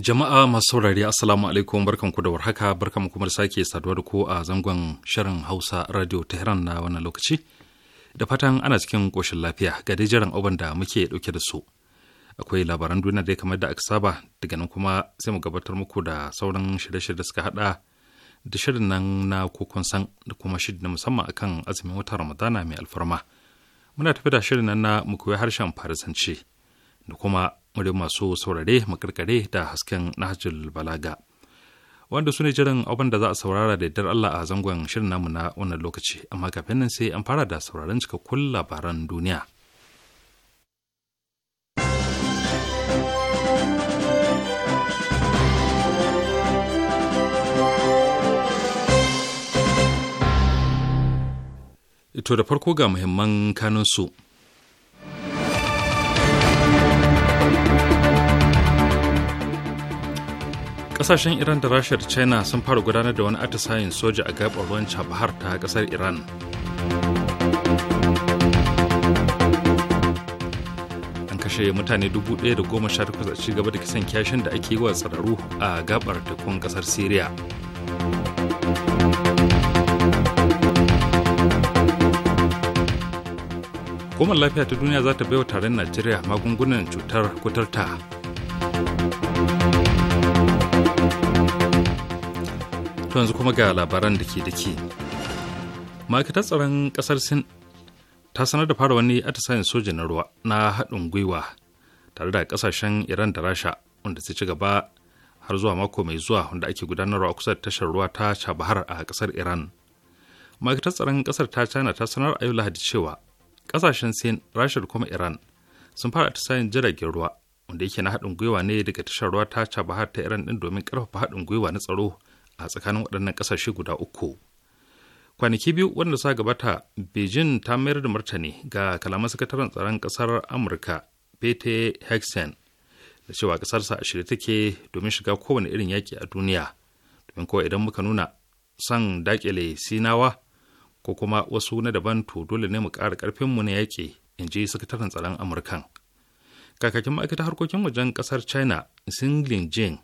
Jama'a masu saurari Assalamu alaikum barkanku da warhaka barkanku kuma da sake saduwa da ku a zangon shirin Hausa Radio Tehran na wannan lokaci. Da fatan ana cikin koshin lafiya ga dai jiran oban da muke ɗauke da su. Akwai labaran duniya dai kamar da aka saba daga nan kuma sai mu gabatar muku da sauran shirye-shirye da suka hada da shirin nan na kokon san da kuma shirin musamman akan azumin watan Ramadana mai alfarma. Muna tafi da shirin nan na mu harshen Farisanci da kuma murin masu saurare makarkare da hasken nahajul balaga wanda su ne jiran abin da za a saurara da yardar Allah a zangon shirin namu na wannan lokaci amma kafin nan sai an fara da sauraron cikakkun labaran duniya. Ito da farko ga muhimman kanunsu. kasashen iran da rasha da china sun fara gudanar da wani atisayin soja a gabar ruwan chabahar ta kasar iran an kashe mutane 1,018 a cigaba da kisan kyashin da ake yi wa tsararru a gabar tekun kasar syria hukumar lafiya ta duniya za ta wa taron najeriya magungunan cutar kutarta. To yanzu kuma ga labaran da ke da ke. Ma'aikatar tsaron ƙasar Sin ta sanar da fara wani atisayen soja na ruwa na haɗin gwiwa tare da ƙasashen Iran da Rasha wanda ta ci gaba har zuwa mako mai zuwa wanda ake gudanarwa a kusa da tashar ruwa ta Chabahar a ƙasar Iran. Ma'aikatar tsaron ƙasar ta China ta sanar a yau Lahadi cewa ƙasashen Sin, Rasha da kuma Iran sun fara atisayen jiragen ruwa wanda yake na haɗin gwiwa ne daga tashar ruwa ta Chabahar ta Iran ɗin domin ƙarfafa haɗin gwiwa na tsaro a tsakanin waɗannan ƙasashe guda uku kwanaki biyu wanda sa gabata beijing ta mayar da martani ga kalaman sakataren tsaron ƙasar amurka pete hexen da cewa ƙasarsa a shirye take domin shiga kowane irin yaƙi a duniya domin kawai idan muka nuna son dakile sinawa ko kuma wasu na daban to dole ne mu ƙara ƙarfinmu na yaƙi in ji sakataren tsaron amurkan kakakin ma'aikatar harkokin wajen ƙasar china xing jing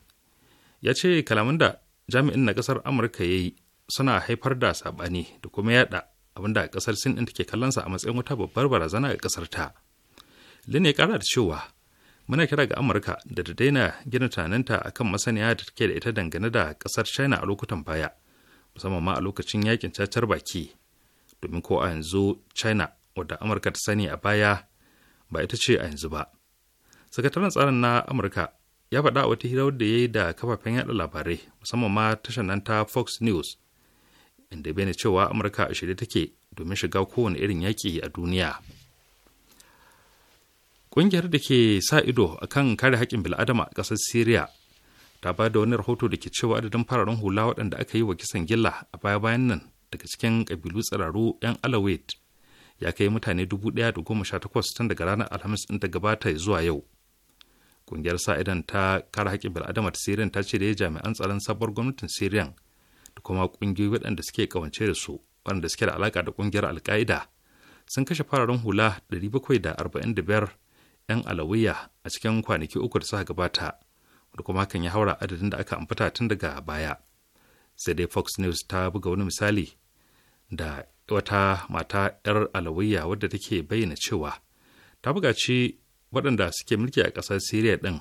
ya ce kalaman da jami'in na kasar amurka ya yi suna haifar da saɓani da kuma yada abinda ƙasar sin ɗin take kallonsa a matsayin wata babbar barazana ga kasar ta lene ya ƙara da cewa muna kira ga amurka da ta daina gina tunaninta akan masaniya da take da ita dangane da ƙasar china a lokutan baya musamman ma a lokacin yakin cacar baki domin ko a yanzu china wadda amurka ta sani a baya ba ita ce a yanzu ba sakataren tsarin na amurka ya faɗa a wata hirar da ya yi da kafafen yaɗa labarai musamman ma tashar nan ta fox news inda bene cewa amurka a shirye take domin shiga kowane irin yaƙi a duniya ƙungiyar da ke sa ido akan kare haƙƙin bil'adama a ƙasar syria ta ba da wani rahoto da ke cewa adadin fararen hula waɗanda aka yi wa kisan gilla a baya bayan nan daga cikin ƙabilu tsiraru 'yan alawait ya kai mutane 1,018 tun daga ranar alhamis ɗin ta gabata zuwa yau Ƙungiyar sa idan ta kare haƙƙin bil'adama ta Siriyan ta ce da jami'an tsaron sabuwar gwamnatin Siriyan da kuma ƙungiyoyi waɗanda suke kawance da su waɗanda suke da alaƙa da ƙungiyar alƙa'ida sun kashe fararen hula 745 'yan alawiya a cikin kwanaki uku da suka gabata da kuma hakan ya haura adadin da aka amfata tun daga baya sai dai fox news ta buga wani misali da wata mata 'yar alawiya wadda take bayyana cewa ta bugaci waɗanda suke mulki a ƙasar Siriya ɗin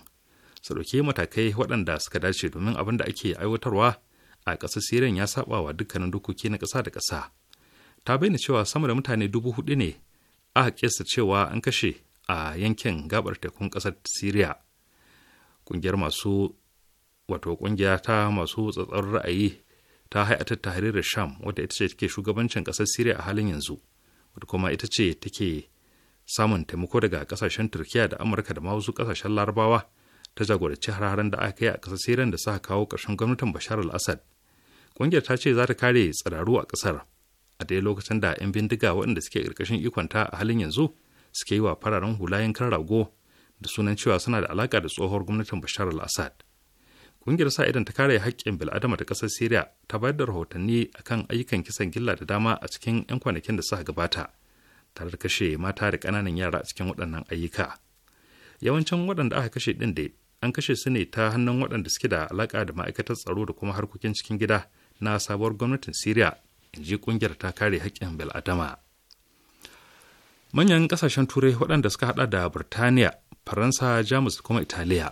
su ɗauki matakai waɗanda suka dace domin abin da ake aiwatarwa a ƙasar Siriya ya saba wa dukkanin dokoki na ƙasa da ƙasa. Ta bayyana cewa sama da mutane dubu hudu ne aka kesa cewa an kashe a yankin gabar tekun ƙasar Siriya. Ƙungiyar masu wato ƙungiya ta masu tsatsar ra'ayi ta ta tahrirar Sham wadda ita ce take shugabancin ƙasar Siriya a halin yanzu. wadda kuma ita ce take samun taimako daga kasashen turkiya da amurka da ma wasu kasashen larabawa ta jagoranci har-haren da aka yi a ƙasar siran da suka kawo ƙarshen gwamnatin bashar al-assad ƙungiyar ta ce za ta kare tsiraru a ƙasar a daya lokacin da 'yan bindiga waɗanda suke ƙarƙashin ikonta a halin yanzu suke yi wa fararen hulayen kan rago da sunan cewa suna da alaƙa da tsohuwar gwamnatin bashar al-assad ƙungiyar sa idan ta kare haƙƙin bil'adama da ƙasar syria ta bayar da rahotanni akan ayyukan kisan gilla da dama a cikin 'yan kwanakin da suka gabata tare da kashe mata da ƙananan yara a cikin waɗannan ayyuka yawancin waɗanda aka kashe ɗin da an kashe su ne ta hannun waɗanda suke da alaƙa da ma'aikatar tsaro da kuma harkokin cikin gida na sabuwar gwamnatin syria in ji ƙungiyar ta kare haƙƙin bil'adama manyan ƙasashen turai waɗanda suka haɗa da burtaniya faransa jamus kuma italiya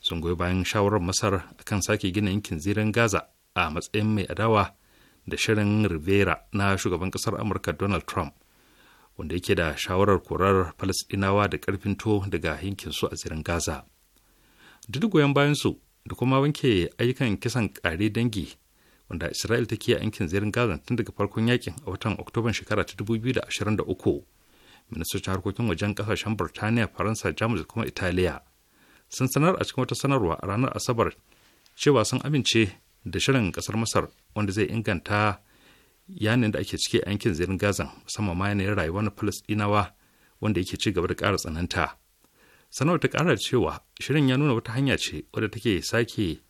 sun goyi bayan shawarar masar kan sake gina yankin zirin gaza a matsayin mai adawa da shirin rivera na shugaban ƙasar amurka donald trump wanda yake da shawarar korar falasɗinawa da ƙarfin to daga su a tsirin gaza duk goyon bayansu da kuma wanke ayyukan kisan ƙare dangi wanda isra'il take a yankin zirin gaza tun daga farkon yakin a watan oktoban shekara ta dubu da ashirin uku ministocin harkokin wajen kasashen burtaniya faransa jamus da kuma italiya sun sanar a cikin wata sanarwa a ranar asabar cewa sun amince da shirin kasar masar wanda zai inganta yanin da ake cike a yankin zirin gazan musamman ma yanayin rayuwa na falastinawa wanda yake ci gaba da ƙara tsananta sanarwar ta ƙara cewa shirin ya nuna wata hanya ce wadda take sake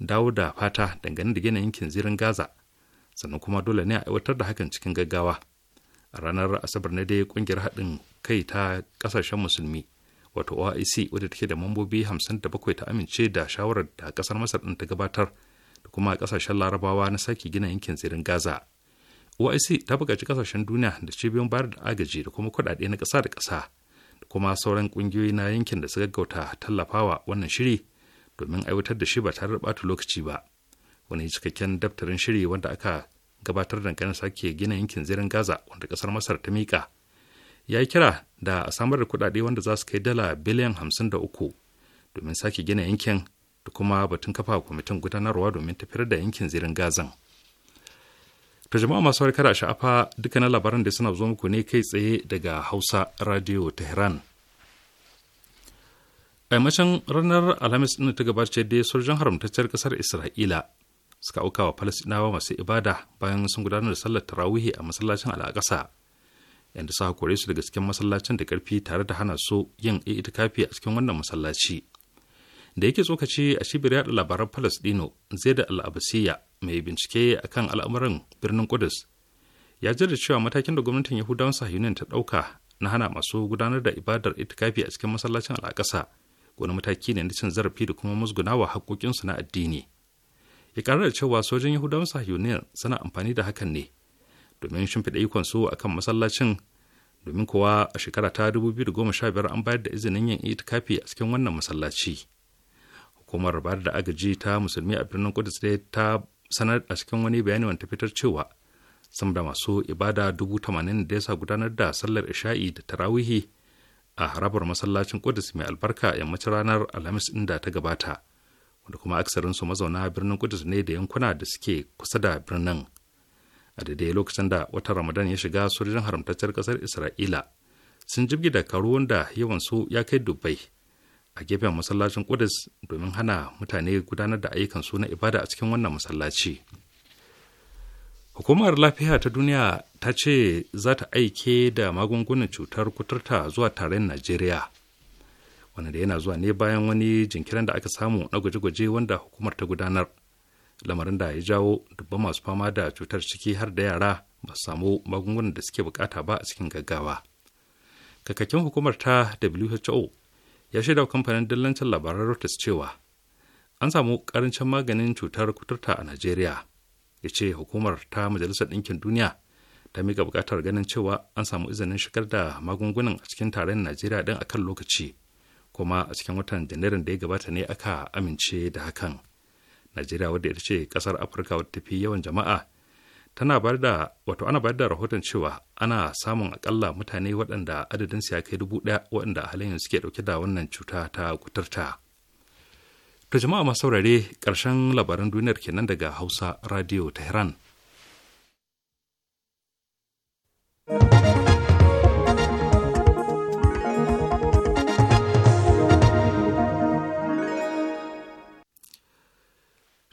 dawo da fata dangane da gina yankin zirin gaza sannan kuma dole ne a aiwatar da hakan cikin gaggawa a ranar asabar na dai kungiyar haɗin kai ta ƙasashen musulmi wato oic wadda take da mambobi hamsin da bakwai ta amince da shawarar da ƙasar masar ɗin ta gabatar da kuma ƙasashen larabawa na sake gina yankin zirin gaza oic ta buƙaci ƙasashen duniya da cibiyoyin bayar da agaji da kuma kuɗaɗe na kasa da kasa da kuma sauran ƙungiyoyi na yankin da su gaggauta tallafawa wannan shiri domin aiwatar da shi ba tare da ɓata lokaci ba wani cikakken daftarin shiri wanda aka gabatar da ganin sake gina yankin zirin gaza wanda kasar masar ta miƙa ya yi kira da a samar da kuɗaɗe wanda za su kai dala biliyan hamsin da uku domin sake gina yankin da kuma batun kafa kwamitin gudanarwa domin tafiyar da yankin zirin gazan. ta jama'a masu kada a sha'afa dukkanin labaran da suna zuwa muku ne kai tsaye daga hausa radio tehran a yammacin ranar alhamis ɗin ta gabace da sojan haramtacciyar ƙasar isra'ila suka auka wa falasɗinawa masu ibada bayan sun gudanar da sallar tarawihi a masallacin al'aƙasa yadda suka kore su daga cikin masallacin da ƙarfi tare da hana su yin itikafi a cikin wannan masallaci da yake tsokaci a cibiyar yada labaran palestino zai da al'abasiya mai bincike akan al'amuran birnin kudus ya da cewa matakin da gwamnatin yahudawan sahiyunin ta ɗauka na hana masu gudanar da ibadar itikafi a cikin masallacin al'akasa wani mataki ne na cin zarafi da kuma musgunawa haƙoƙinsu na addini ya ƙara da cewa sojin yahudawan sahiyunin suna amfani da hakan ne domin shimfiɗa ikonsu a kan masallacin domin kuwa a shekara ta 2015 an bayar da izinin yin itikafi a cikin wannan masallaci hukumar bayar da agaji ta musulmi a birnin kudus dai ta sanar a cikin wani bayani wanda fitar cewa sama da masu ibada dubu tamanin da yasa gudanar da sallar isha'i da tarawihi a harabar masallacin kudus mai albarka yammacin ranar alhamis inda ta gabata wanda kuma aksarinsu mazauna birnin kudus ne da yankuna da suke kusa da birnin a daidai lokacin da wata ramadan ya shiga sojojin haramtaccen kasar isra'ila sun jibgi da karuwan da yawansu ya kai dubbai a gefen masallacin Kudus domin hana mutane gudanar da ayyukan su na ibada a cikin wannan masallaci. Hukumar lafiya ta duniya ta ce za ta aike da magungunan cutar kuturta zuwa taron Najeriya. Wanda da yana zuwa ne bayan wani jinkirin da aka samu na gwaje-gwaje wanda hukumar ta gudanar. Lamarin da ya jawo dubban masu fama da cutar ciki har da yara ba su samu magungunan da suke bukata ba a cikin gaggawa. Kakakin hukumar ta WHO ya shaida wa kamfanin dillancin labaran Reuters cewa an samu karancin maganin cutar kuturta a Najeriya. Ya ce hukumar ta Majalisar Ɗinkin Duniya ta miƙa buƙatar ganin cewa an samu izinin shigar da magungunan a cikin tarayyar Najeriya ɗin akan lokaci, kuma a cikin watan Janairun da ya gabata ne aka amince da hakan. Najeriya wadda ita ce ƙasar Afirka wadda tafi yawan jama'a tana bar da wato ana bayar da rahoton cewa ana samun akalla mutane waɗanda adadin su ya kai dubu ɗaya waɗanda a halin yanzu ke ɗauke da wannan cuta ta kuturta. ta jama'a masu saurare ƙarshen labaran duniyar kenan daga Hausa Radio Tehran.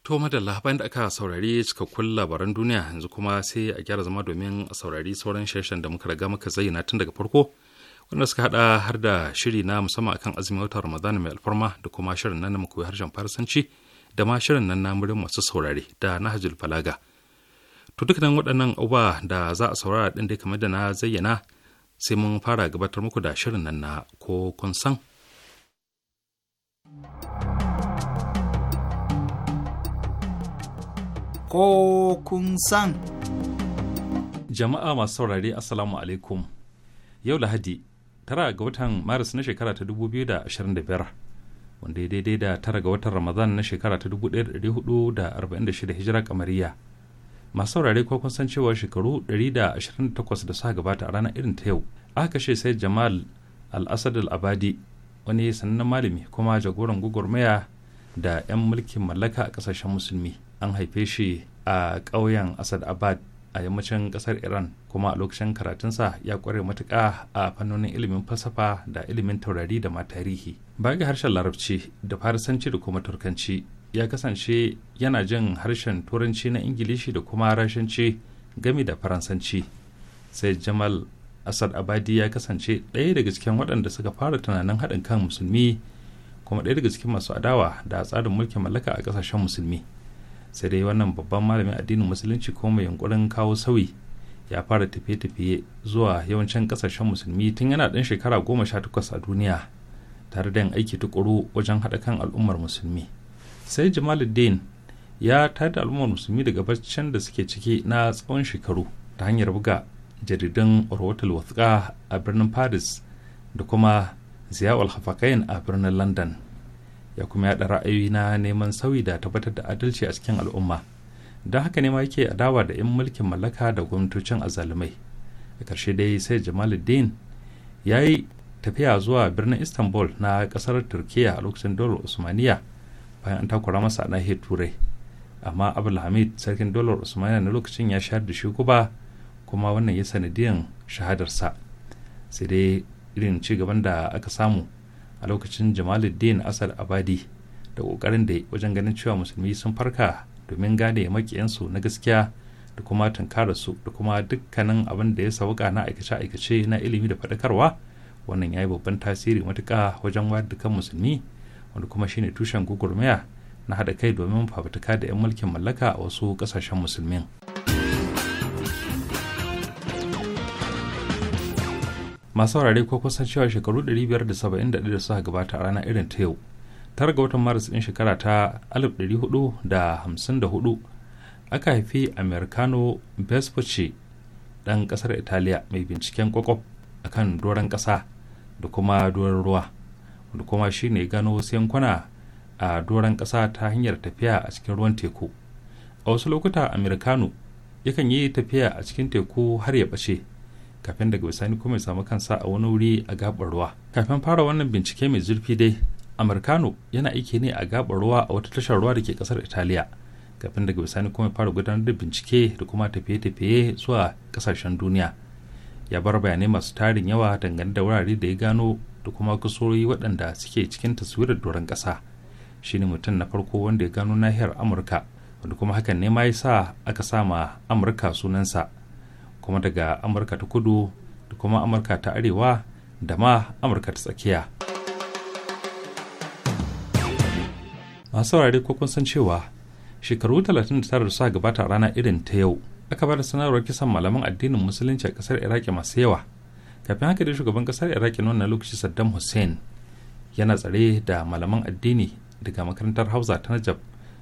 To madalla bayan da aka saurari kulla labaran duniya yanzu kuma sai a gyara zama domin a saurari sauran shirshen da muka riga muka zayyana tun daga farko wanda suka hada har da shiri na musamman akan azumin watan Ramadan mai alfarma da kuma shirin nan na koyi harshen Farsanci da ma shirin nan na murin masu saurare da Nahjul Falaga. To dukkanin waɗannan uba da za a saurara din dai kamar da na zayyana sai mun fara gabatar muku da shirin nan na ko kun san. ko kun san. Jama'a masu saurare Assalamu alaikum. Yau Lahadi, tara ga watan Maris na shekara ta 2025, wanda ya daidai da tara ga watan Ramadan na shekara ta 1446 hijira kamariya. Masu saurare ko kun san cewa shekaru 128 da suka gabata a ranar irin ta yau, aka kashe sai Jamal Al-Asad Al-Abadi, wani sannan malami kuma jagoran gwagwarmaya da 'yan mulkin mallaka a ƙasashen musulmi. an haife shi a ƙauyen asad abad a yammacin ƙasar iran kuma a lokacin karatunsa ya ƙware matuƙa a fannonin ilimin falsafa da ilimin taurari da ma tarihi bayan harshen larabci da farisanci da kuma turkanci ya kasance yana jin harshen turanci na ingilishi da kuma rashanci gami da faransanci sai jamal asad abadi ya kasance ɗaya daga cikin waɗanda suka fara tunanin haɗin kan musulmi kuma ɗaya daga cikin masu adawa da tsarin mulkin mallaka a ƙasashen musulmi sai dai wannan babban malamin addinin musulunci ko mai yunkurin kawo sauyi ya fara tafiye-tafiye zuwa yawancin kasashen musulmi tun yana ɗan shekara goma sha takwas a duniya tare da yin aiki tukuru wajen haɗa kan al'ummar musulmi sai jamaluddin ya tada al'ummar musulmi daga baccin da suke ciki na tsawon shekaru ta hanyar buga jaridun rahotul wasuƙa a birnin paris da kuma ziyawar hafakain a birnin london ya kuma yaɗa ra'ayoyi na neman sauyi da tabbatar da adalci a cikin al'umma don haka ne ma yake adawa da 'yan mulkin mallaka da gwamnatocin azalumai a ƙarshe dai sai jamaluddin ya yi tafiya zuwa birnin istanbul na ƙasar turkiya a lokacin dolar usmaniya bayan an takura masa nahiyar turai amma abdulhamid sarkin dolar usmaniya na lokacin ya shahar da shi kuma kuma wannan ya sanadiyan shahadarsa sai dai irin ci gaban da aka samu a lokacin jamaluddin asal abadi da kokarin da wajen ganin cewa musulmi sun farka domin gane makiyansu na gaskiya da kuma tunkara su da kuma dukkanin abin da ya sauka na aikace-aikace na ilimi da faɗakarwa wannan ya yi babban tasiri matuƙa wajen wayar da kan musulmi wanda kuma shine tushen gugurmaya na haɗa kai domin fafutuka da 'yan mulkin mallaka a wasu ƙasashen musulmin. masu saurare ko kusan cewa shekaru 571 da suka gabata a rana irin ta yau tara ga watan maris din shekara ta 1454 aka haifi americano vespucci ɗan ƙasar italiya mai binciken kwakwaf a kan doron ƙasa da kuma doron ruwa da kuma shi ne gano wasu yankuna a doron ƙasa ta hanyar tafiya a cikin ruwan teku a wasu lokuta americano yakan yi tafiya a cikin teku har ya bace kafin daga bisani kuma ya samu kansa a wani wuri a gabar ruwa kafin fara wannan bincike mai zurfi dai amurkano yana aiki ne a gabar ruwa a wata tashar ruwa da ke kasar italiya kafin daga bisani kuma ya fara gudanar da bincike da kuma tafiye-tafiye zuwa kasashen duniya ya bar bayanai masu tarin yawa dangane da wurare da ya gano da kuma kusurori waɗanda suke cikin taswirar doron ƙasa shine mutum na farko wanda ya gano nahiyar amurka wanda kuma hakan ne ma ya sa aka sama amurka sunansa kuma daga amurka ta kudu da kuma amurka ta arewa da ma amurka ta tsakiya masu saurari ko kun san cewa shekaru 39 da suka gabata rana irin ta yau aka ba da sanarwar kisan malaman addinin musulunci a kasar iraki masu yawa kafin haka dai shugaban kasar iraki na lokaci saddam hussein yana tsare da malaman addini daga makarantar hausa ta najab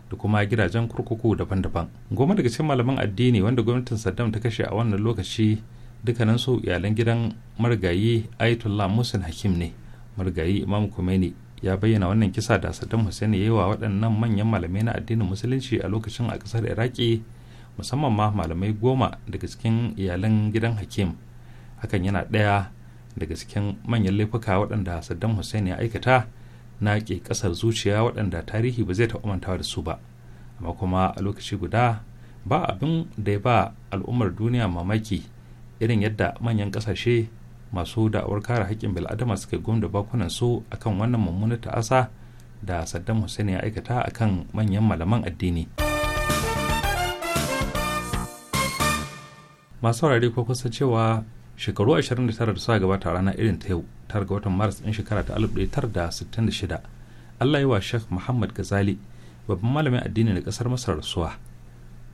da kuma gidajen kurkuku daban-daban goma daga cikin malaman addini wanda gwamnatin saddam ta kashe a wannan lokaci su iyalan gidan marigayi ayatollah musin hakim ne marigayi imam khomeini ya bayyana wannan kisa da saddam hussein ya yi wa waɗannan manyan malamai na addinin musulunci a lokacin a ƙasar iraki musamman ma malamai goma daga cikin iyalan gidan hakim hakan yana ɗaya daga cikin manyan laifuka waɗanda saddam hussein ya aikata na ke kasar zuciya waɗanda tarihi ba zai taɓa mantawa da su ba amma kuma a lokaci guda ba abin da ya ba al'ummar duniya mamaki irin yadda manyan ƙasashe masu da'awar kare haƙƙin bil'adama suka gwamna bakunan su akan wannan mummunar ta'asa da saddam hussein ya aikata akan manyan malaman addini masu saurare ko kusa cewa shekaru 29 da suka gabata rana irin ta yau tare ga watan maris din shekara ta 1966 allah yi wa sheikh muhammad gazali babban malamin addini na kasar masar rasuwa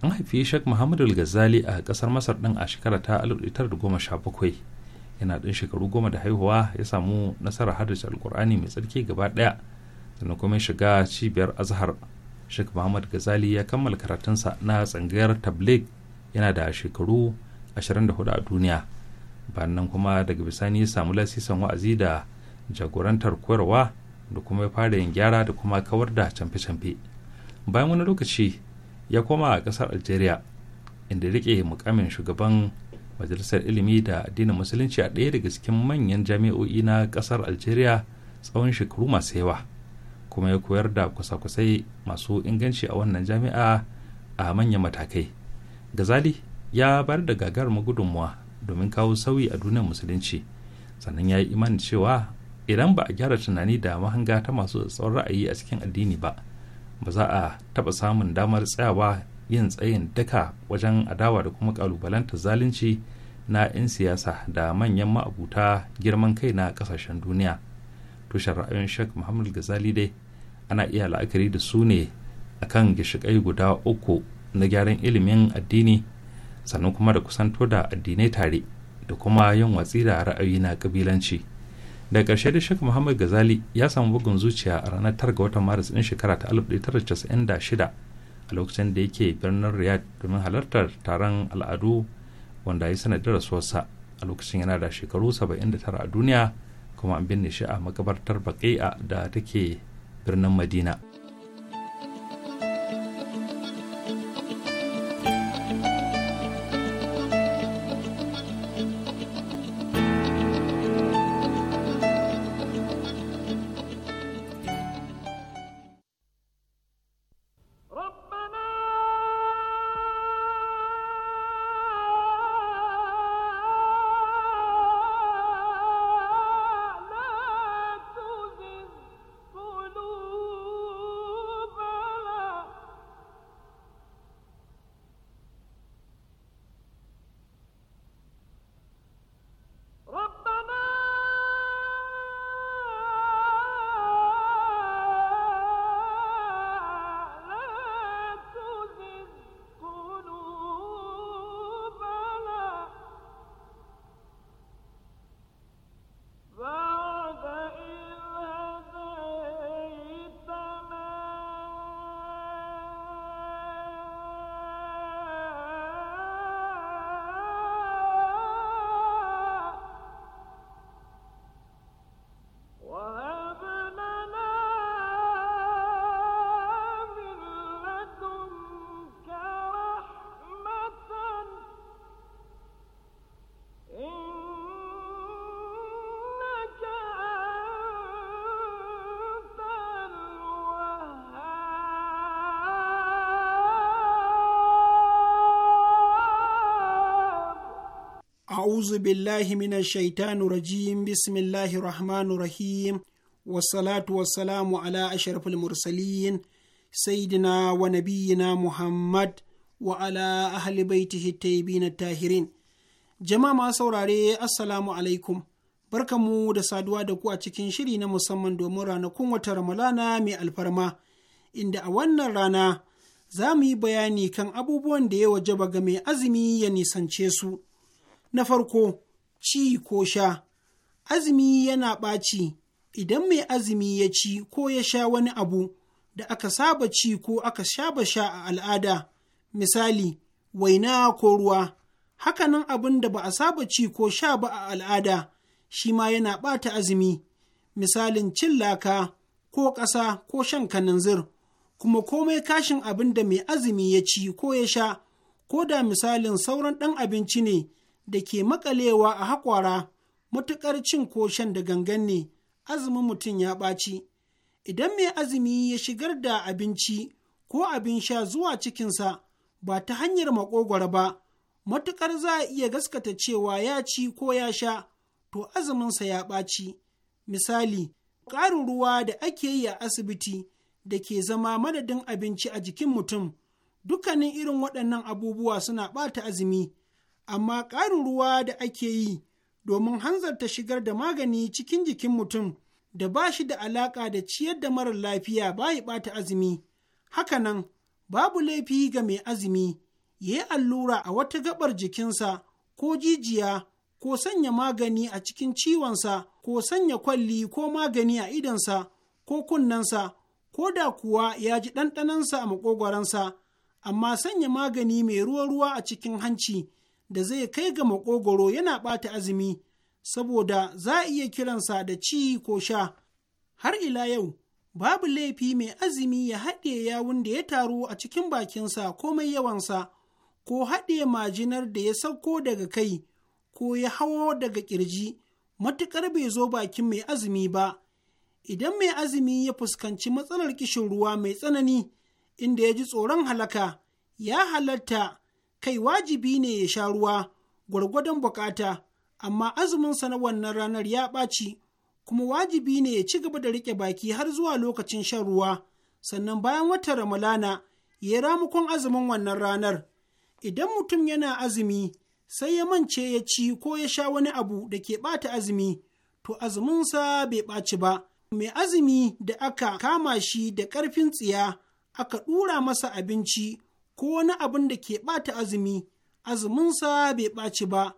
an haifi sheikh muhammad gazali a kasar masar din a shekara ta 1917 yana din shekaru goma da haihuwa ya samu nasarar hadisi alkur'ani mai tsarki gaba daya sannan kuma shiga cibiyar azhar sheikh muhammad gazali ya kammala karatunsa na tsangayar tabligh yana da shekaru 24 a duniya bayan kuma daga bisani ya samu lasisan wa'azi da jagorantar koyarwa da kuma ya fara yin gyara da kuma kawar da camfe-camfe bayan wani lokaci ya koma a kasar algeria inda rike mukamin shugaban majalisar ilimi da addinin musulunci a ɗaya daga cikin manyan jami'o'i na kasar algeria tsawon shekaru masu yawa kuma ya koyar da kusa-kusai masu inganci a wannan jami'a a manyan matakai gazali ya bayar da gagarumar gudunmuwa domin kawo sauyi a duniyar musulunci sannan ya yi imanin cewa idan ba a gyara tunani da mahanga ta masu tsawon ra'ayi a cikin addini ba ba za a taɓa samun damar tsayawa yin tsayin daka wajen adawa da kuma kalubalanta zalunci na 'yan siyasa da manyan ma'abuta girman kai na kasashen duniya tushen ra'ayin shek muhammad gazali dai ana iya la'akari da su ne akan gishikai guda uku na gyaran ilimin addini sannan kuma da kusanto da addinai tare da kuma yin watsi da ra'ayi na kabilanci da ƙarshe da shek muhammad gazali ya samu bugun zuciya a ranar 9 ga watan maris ɗin shekara ta 1996 a lokacin da yake birnin riyad domin halartar taron al'adu wanda ya da rasuwarsa a lokacin yana da shekaru 79 a duniya kuma an binne shi a makabartar baƙi'a da take birnin madina a'uzu billahi minash shaitani rajim bismillahir rahmanir rahim wassalatu wassalamu ala ashrafil mursalin sayyidina wa nabiyyina muhammad wa ala ahli baitihi tayyibin tahirin jama'a ma saurare assalamu alaikum barkamu da saduwa da ku a cikin shiri na musamman domin ranakun wata ramalana mai alfarma inda a wannan rana za mu yi bayani kan abubuwan da ya wajaba ga mai azumi ya nisance su Na farko, ci ko sha. Azumi yana ɓaci idan mai azumi ya ci ko ya sha wani abu da aka saba ci ko aka sha ba sha a al'ada, misali, waina ko ruwa. Hakanan abin da ba a saba ci ko sha ba a al'ada, shi ma yana ɓata azumi, misalin cin laka ko ƙasa ko shan kananzir, kuma komai kashin abin da mai azumi ya ci ko ya sha, ko da misalin sauran ɗan abinci ne. da ke makalewa a haƙwara matuƙar cin ko da gangan ne azumin mutum ya ɓaci idan mai azumi ya shigar da abinci ko abin sha zuwa cikinsa ba ta hanyar maƙogwara ba matuƙar za a iya gaskata cewa ya ci ko ya sha to azuminsa ya ɓaci misali ƙarin ruwa da ake yi a asibiti da ke zama madadin abinci a jikin mutum dukkanin irin waɗannan abubuwa suna ɓata azumi amma ƙarin ruwa da ake yi domin hanzarta shigar da magani cikin jikin mutum da ba shi da alaƙa da ciyar da marar lafiya ba bayi ɓata azumi. Hakanan, babu laifi ga mai azumi, ya yi allura a wata gaɓar jikinsa ko jijiya ko sanya magani a cikin ciwonsa ko sanya kwalli ko magani a idonsa ko kunnensa ko da kuwa ya ji ɗanɗanansa a maƙogwaronsa, amma sanya magani mai ruwa-ruwa a cikin hanci da zai kai ga makogoro yana ɓata azumi saboda za a iya kiransa da ci ko sha har ila yau babu laifi mai azumi ya haɗe yawun da ya taru a cikin bakinsa ko mai yawansa ko haɗe majinar da ya sauko daga kai ko ya hawo daga ƙirji matuƙar bai zo bakin mai azumi ba idan mai azumi ya fuskanci matsalar kishin ruwa mai tsanani inda ya ji tsoron halaka ya halatta kai wajibi ne ya sha ruwa gwargwadon bukata, amma azuminsa na wannan ranar ya ɓaci, kuma wajibi ne ya ci gaba da riƙe baki har zuwa lokacin shan ruwa, sannan bayan wata Ramalana ya yi ramukon azumin wannan ranar. Idan mutum yana azumi, sai ya mance ya ci ko ya sha wani abu da ke ɓata azumi, to azuminsa bai ɓaci ba. Mai azumi da aka kama shi da ƙarfin tsiya, aka ɗura masa abinci ko wani abin da ke ɓata azumi, azuminsa bai ɓaci ba,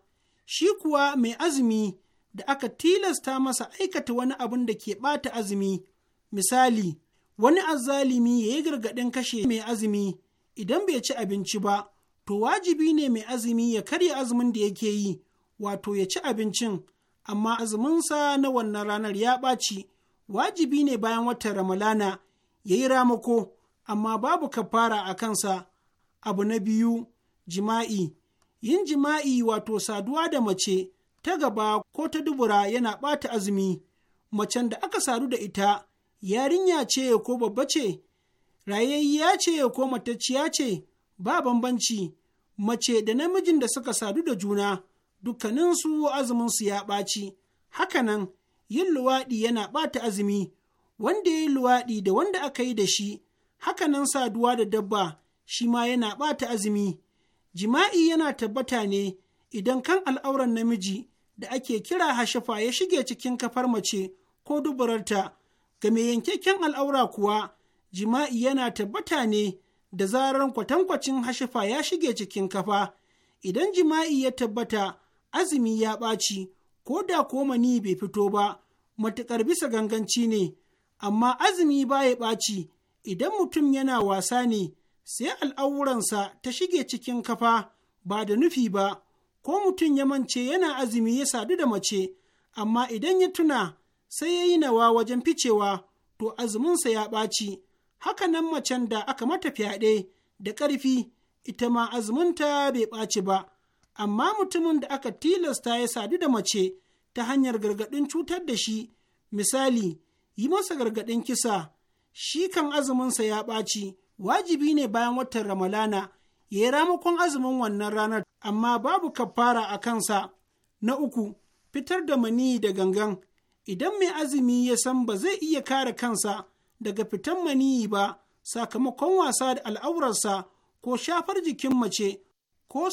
shi kuwa mai azumi da aka tilasta masa aikata wani abin da ke ɓata azumi, misali, wani azalimi ya yi gargaɗin kashe mai azumi idan bai ci abinci ba, to wajibi ne mai azumi ya karya azumin da yake yi, wato ya ci abincin, amma azuminsa na wannan ranar ya ɓaci, wajibi ne bayan watan Ramalana ya yi ramako, amma babu kafara a kansa. abu na biyu jima'i yin jima'i wato saduwa da mace ta gaba ko ta dubura yana ɓata azumi macen da aka sadu da ita yarinya ce ko babba ce rayayya ce ko matacciya ce ba bambanci mace da namijin da suka sadu da juna dukkaninsu azuminsu ya ɓaci hakanan yin luwaɗi yana ɓata azumi wanda ya yi luwaɗi da wanda aka yi da shi hakanan saduwa da dabba shi ma yana ɓata azumi jima'i yana tabbata ne idan kan al'auran namiji da ake kira hashafa ya shige cikin kafar mace ko duburarta ga mai yankakken al'aura kuwa jima'i yana tabbata ne da zarar kwatankwacin hashafa ya shige cikin kafa idan jima'i ya tabbata azumi ya ɓaci ko da ko mani bai fito ba matuƙar bisa ganganci ne amma azumi ba ya ɓaci idan mutum yana wasa ne sai al'auransa ta shige cikin kafa ba da nufi ba, ko mutum ya mance yana azumi ya sadu da mace, amma idan ya tuna sai ya yi nawa wajen ficewa, to azuminsa ya ɓaci, Haka nan macen da aka mata fyaɗe da ƙarfi, ita ma azuminta bai ɓaci ba, amma mutumin da aka tilasta ya sadu da mace ta hanyar gargaɗin cutar da shi, misali, yi masa gargaɗin kisa, shi kan azuminsa ya ɓaci. wajibi ne bayan watan Ramalana ya yi ramakon azumin wannan ranar, amma babu kafara a kansa. Na uku, fitar da mani da gangan, idan mai azumi ya san ba zai iya kare kansa daga fitan maniyi ba sakamakon wasa da al'aurarsa ko shafar jikin mace ko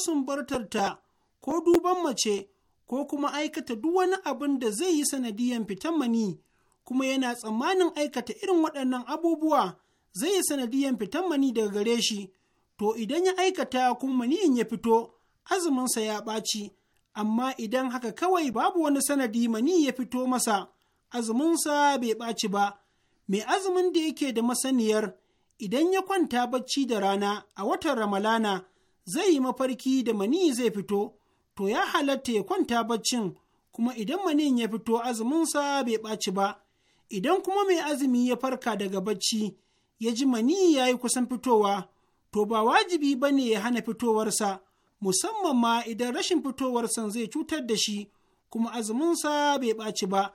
ta ko duban mace ko kuma aikata duk wani abin da zai yi sanadiyan fitan maniyi kuma yana tsammanin aikata irin waɗannan abubuwa zai yi sanadiyan fitan mani daga gare shi to idan ya aikata kuma maniyin ya fito azuminsa ya ɓaci amma idan haka kawai babu wani sanadi mani ya fito masa azuminsa bai ɓaci ba mai azumin da yake da masaniyar idan ya kwanta bacci da rana a watan ramalana zai yi mafarki da mani zai fito to ya halatta ya kwanta baccin kuma idan maniyin ya fito azuminsa bai ɓaci ba idan kuma mai azumi ya farka daga bacci ya ji mani ya yi kusan fitowa, to ba wajibi ba ne ya hana fitowarsa, musamman ma idan rashin fitowarsa zai cutar da shi, kuma azuminsa bai ɓaci ba.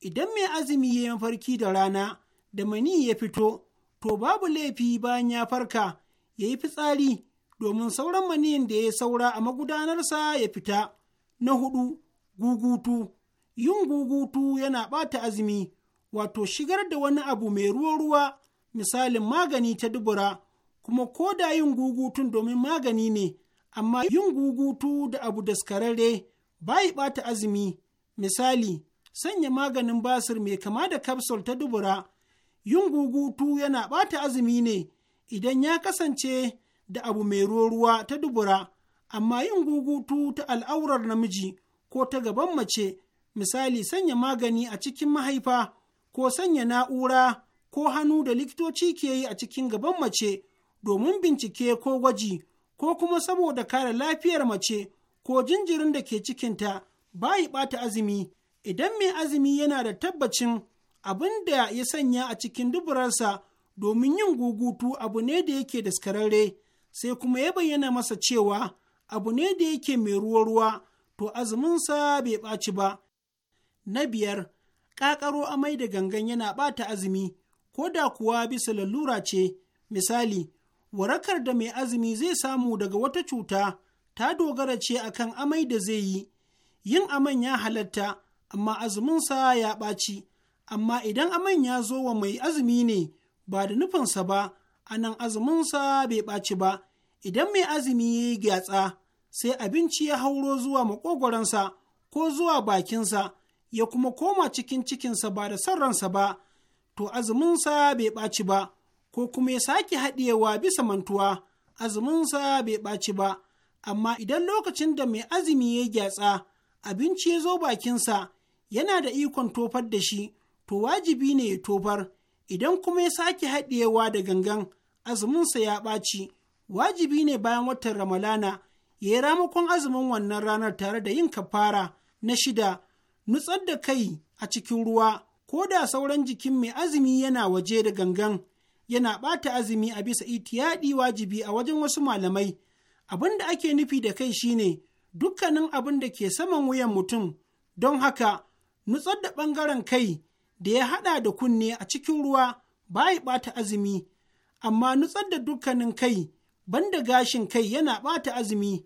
Idan mai azumi ya yi mafarki da rana, da mani ya fito, to babu laifi bayan ya farka, ya yi fitsari, domin sauran maniyin da ya saura a magudanarsa ya fita. Na hudu, gugutu. Yin gugutu yana ɓata azumi, wato shigar da wani abu mai ruwa-ruwa misalin magani ta dubura kuma ko da yin gugutun domin magani ne amma yin gugutu da abu daskararre bayi bata azumi misali sanya maganin basir mai kama da kapsul ta dubura yin gugutu yana ɓata azumi ne idan ya kasance da abu mai ruwa ta dubura amma yin gugutu ta al'aurar namiji ko ta gaban mace misali sanya magani a cikin mahaifa ko sanya na'ura ko hannu da likitoci ke yi a cikin gaban mace domin bincike ko gwaji ko kuma saboda kare lafiyar mace ko jinjirin da ke cikinta bayi ɓata azumi idan mai azumi yana da tabbacin abin da ya sanya a cikin duburarsa domin yin gugutu abu ne da yake daskararre sai kuma ya bayyana masa cewa abu ne da yake mai ruwa-ruwa to azuminsa bai ɓaci ba. Na biyar, ƙaƙaro amai da gangan yana ɓata azumi, ko da kuwa bisa lalura ce, misali, warakar da mai azumi zai samu daga wata cuta ta dogara ce akan amai da zai yi, yin aman ya halatta, amma azuminsa ya ɓaci, amma idan aman ya zo wa mai azumi ne ba da nufinsa ba, anan azuminsa bai ɓaci ba, idan mai azumi ya yi gyatsa, sai abinci ya hauro zuwa maƙogwaronsa ko zuwa bakinsa, ya kuma koma cikin cikinsa ba da son ransa ba. to azuminsa bai ɓaci ba, ko kuma ya sake haɗewa bisa mantuwa, azuminsa bai ɓaci ba, amma idan lokacin da mai azumi ya gyatsa, abinci ya zo bakinsa, yana da ikon tofar da shi, to wajibi ne ya tofar, idan kuma ya sake haɗewa da gangan, azuminsa ya ɓaci, wajibi ne bayan watan Ramalana, ya yi ramakon azumin wannan ranar tare da yin kafara na shida, nutsar da kai a cikin ruwa. ko da sauran jikin mai azumi yana waje da gangan yana ɓata azumi a bisa itiyaɗi wajibi a wajen wasu malamai abin da ake nufi da kai shine dukkanin abin da ke saman wuyan mutum don haka nutsar da ɓangaren kai da ya haɗa da kunne a cikin ruwa ba ya ɓata azumi amma nutsar da dukkanin kai banda gashin kai yana ɓata azumi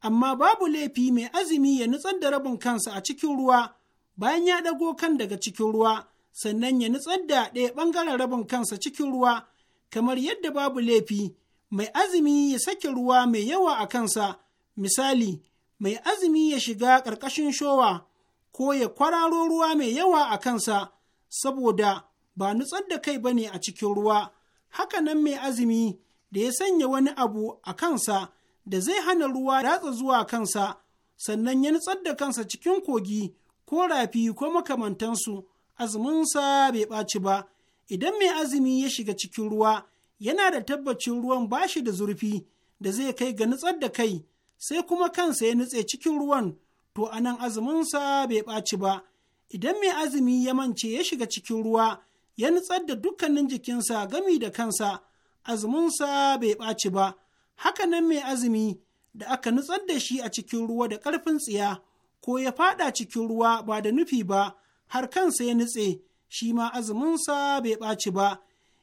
amma babu laifi mai azumi ya nutsar da rabin kansa a cikin ruwa bayan ya ɗago kan daga cikin ruwa sannan ya nutsar da ɗaya ɓangaren rabin kansa cikin ruwa kamar yadda babu laifi mai azumi ya sake ruwa mai yawa a kansa misali mai azumi ya shiga ƙarƙashin showa ko ya kwararo ruwa mai yawa a kansa saboda ba nutsar da kai ba ne a cikin ruwa Haka nan mai azumi da ya sanya wani abu a kansa da zai hana ruwa ratsa zuwa kansa sannan ya nutsar da kansa cikin kogi ko rafi ko makamantansu azuminsa bai ɓaci ba idan mai azumi ya shiga cikin ruwa yana da tabbacin ruwan ba shi da zurfi da zai kai ga nutsar da kai sai kuma kansa ya nutse cikin ruwan to anan azuminsa bai ɓaci ba idan mai azumi ya mance ya shiga cikin ruwa ya nutsar da dukkanin jikinsa gami da kansa azuminsa bai ɓaci ba Haka nan mai azumi da aka nutsar da shi a cikin ruwa da ƙarfin tsiya ko ya fada cikin ruwa ba da nufi ba har kansa ya nutse shi ma azuminsa bai ɓaci ba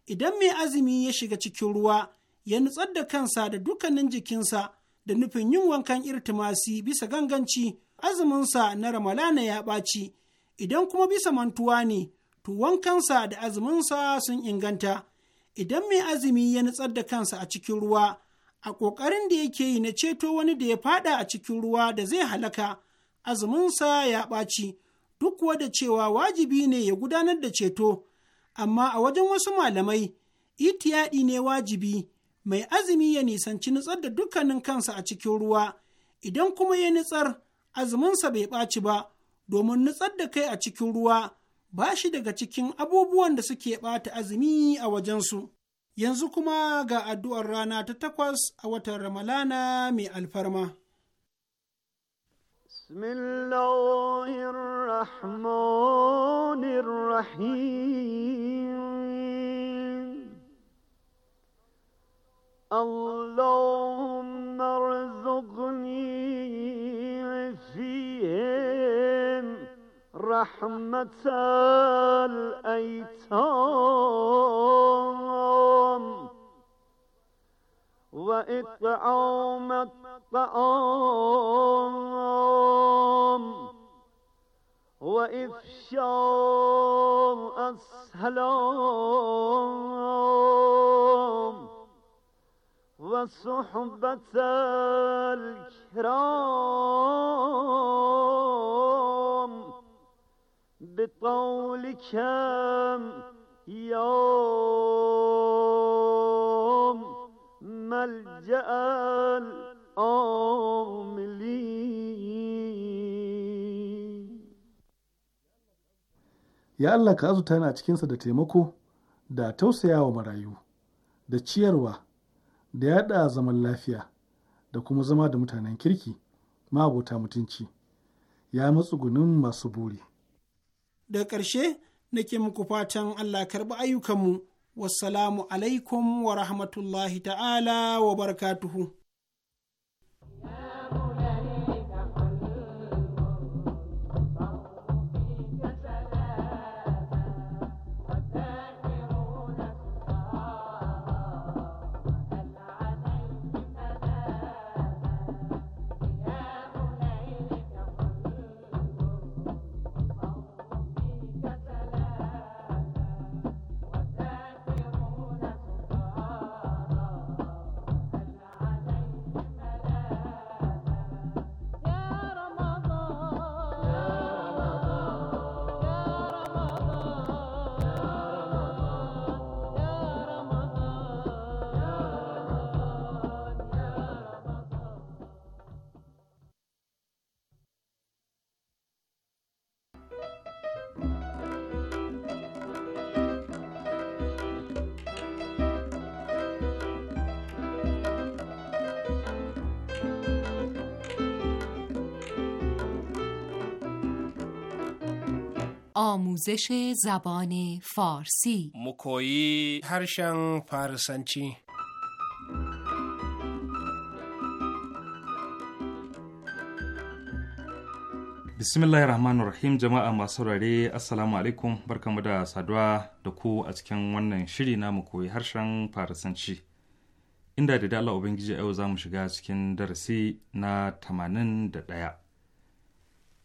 idan mai azumi ya shiga cikin ruwa ya nutsar da kansa da dukkanin jikinsa da nufin yin wankan irtimasi bisa ganganci azuminsa na ramalana ya ɓaci idan kuma bisa mantuwa ne to wankansa da azuminsa sun inganta idan mai azumi ya nutsar da kansa a cikin ruwa a ƙoƙarin da yake yi na ceto wani da ya faɗa a cikin ruwa da zai halaka azuminsa ya ɓaci, duk kuwa da cewa wajibi ne ya gudanar da ceto, amma a wajen wasu malamai, itiyaɗi ne wajibi, mai azumi ya nisanci nutsar da dukkanin kansa a cikin ruwa, idan kuma ya nutsar, azuminsa bai ɓaci ba, domin nutsar da kai a cikin ruwa ba shi daga cikin abubuwan da suke ɓata azumi a wajensu. Yanzu kuma ga addu'ar rana ta takwas a watan Ramalana mai alfarma. بسم الله الرحمن الرحيم اللهم ارزقني فيهم رحمة الأيتام وإطعام الطعام وإفشاء السلام وصحبة الكرام بطولك يا ملجأ ya Allah ka azuta yana cikinsa da taimako da tausayawa marayu da ciyarwa da yada zaman lafiya da kuma zama da mutanen kirki mabota mutunci ya matsugunin masu buri da ƙarshe nake muku fatan Allah karɓi ayyukanmu wassalamu alaikum wa rahmatullahi ta'ala wa barakatuhu آموزش زبان فارسی مکویی هرشن فارسنچی bismillahir rahmanir rahim jama'a masu saurare assalamu alaikum barkamu da saduwa da ku a cikin wannan shiri na mu koyi harshen farisanci inda da Allah ubangiji yau za mu shiga cikin darasi na 81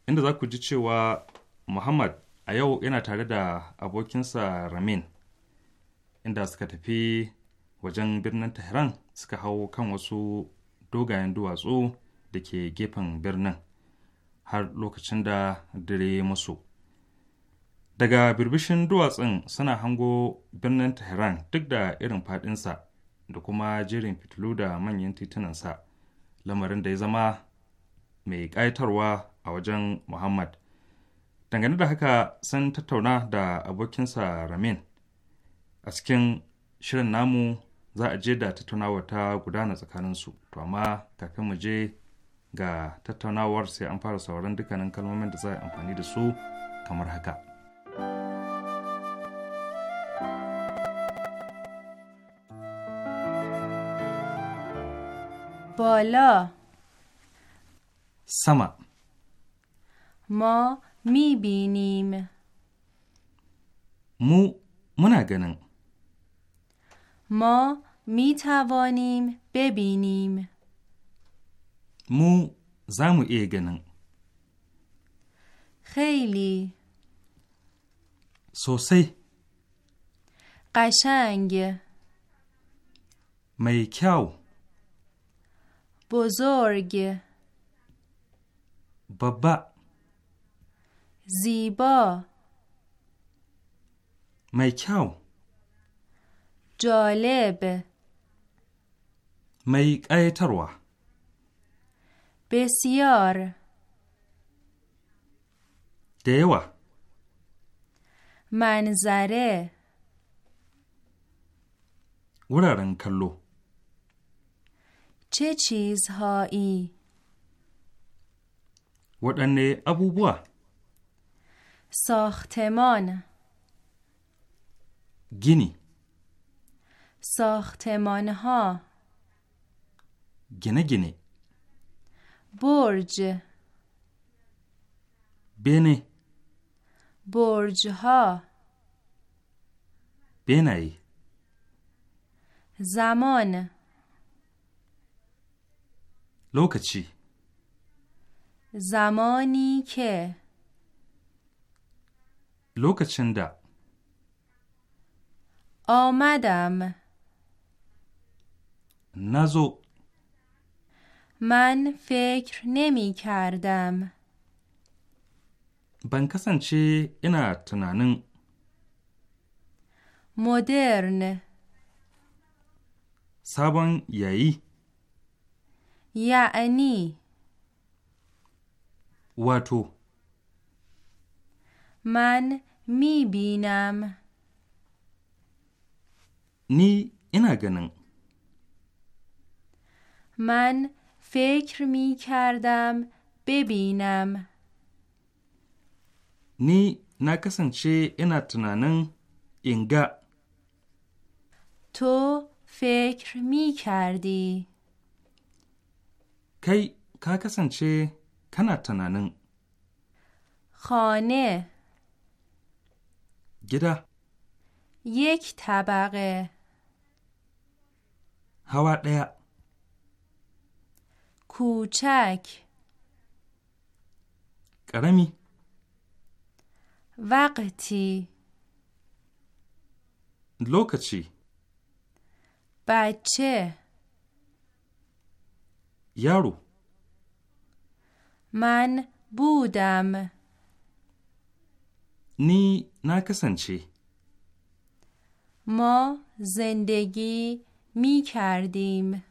inda za ku ji cewa muhammad a yau yana tare da abokinsa ramin inda suka tafi wajen birnin tehran suka hau kan wasu dogayen duwatsu da ke gefen birnin har lokacin da dire musu daga birbishin duwatsun suna hango birnin tehran duk da irin fadinsa da kuma jerin fitilu da manyan titunansa lamarin da ya zama mai ƙayatarwa a wajen muhammad dangane da haka sun tattauna da abokinsa ramin a cikin shirin namu za a je da tattaunawar ta gudana tsakaninsu to amma kafin mu je ga tattaunawar sai an fara sauran dukkanin kalmomin da za a amfani da su kamar haka بالا sama. ما می بینیم مو گنن. ما می توانیم ببینیم مو زمو گنن. خیلی سوسی قشنگ میکاو بزرگ بابا Zibo. mai kyau جالب mai ƙayatarwa بسیار da yawa Manzare. wuraren kallo چه ho'i. waɗanne abubuwa ساختمان گینی ساختمان ها گنه گنه برج بنه برج ها زمان لوکچی زمانی که lokacin da Oh, madam. Nazo. Man fikr nemi kardam. Ban kasance ina tunanin. Modern. Sabon yayi. Ya'ani. Wato. من می بینم نی اینا گنن من فکر می کردم ببینم نی نکسن چه اینا تنانن اینگا تو فکر می کردی کی که کسن چه کنه تنانن خانه گده یک طبقه هوا دیا کوچک قرمی وقتی لوکچی بچه یارو من بودم Ni na kasance. Ma zindagi mi kardim.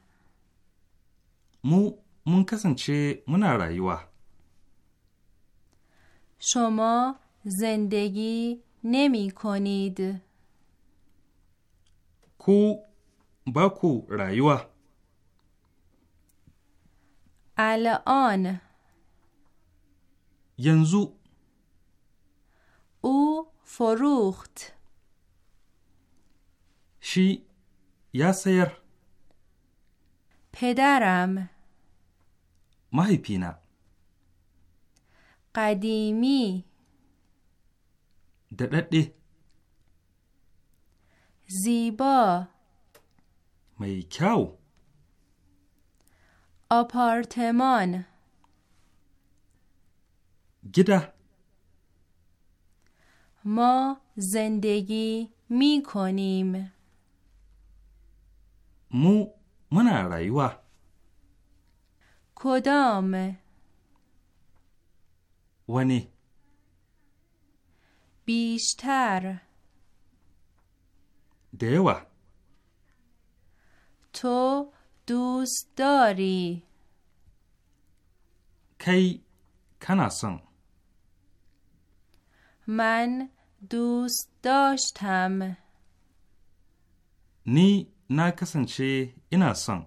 Mu mun kasance muna rayuwa. Shoma zindagi nemi konid. Ku ba ku rayuwa. Al'an. Yanzu. او فروخت شی یا پدرم ماهی پینا قدیمی دردی زیبا میکاو آپارتمان گده ما زندگی می کنیم مو من رایوا کدام ونی بیشتر دیوا تو دوست داری کی کناسن من دوست داشتم نی نا کسنچه اینا سن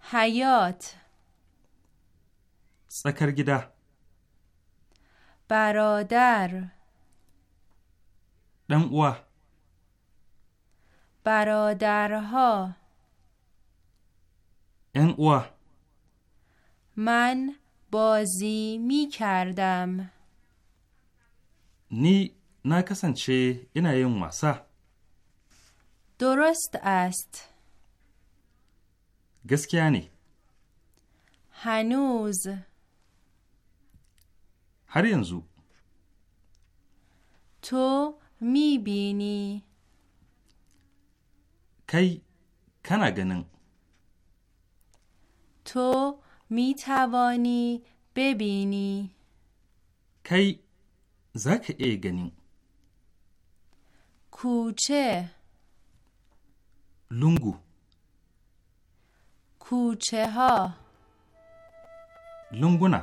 حیات سکرگیده برادر دنوا برادرها انوا من بازی می کردم نی na kasance ina yin wasa. Dorost asked. Gaskiya ne. Hanuz. Har yanzu. To, mi bini. Kai, kana ganin. To, mi tawani Kai za ka iya ganin. کوچه لنگو کوچه ها لنگونه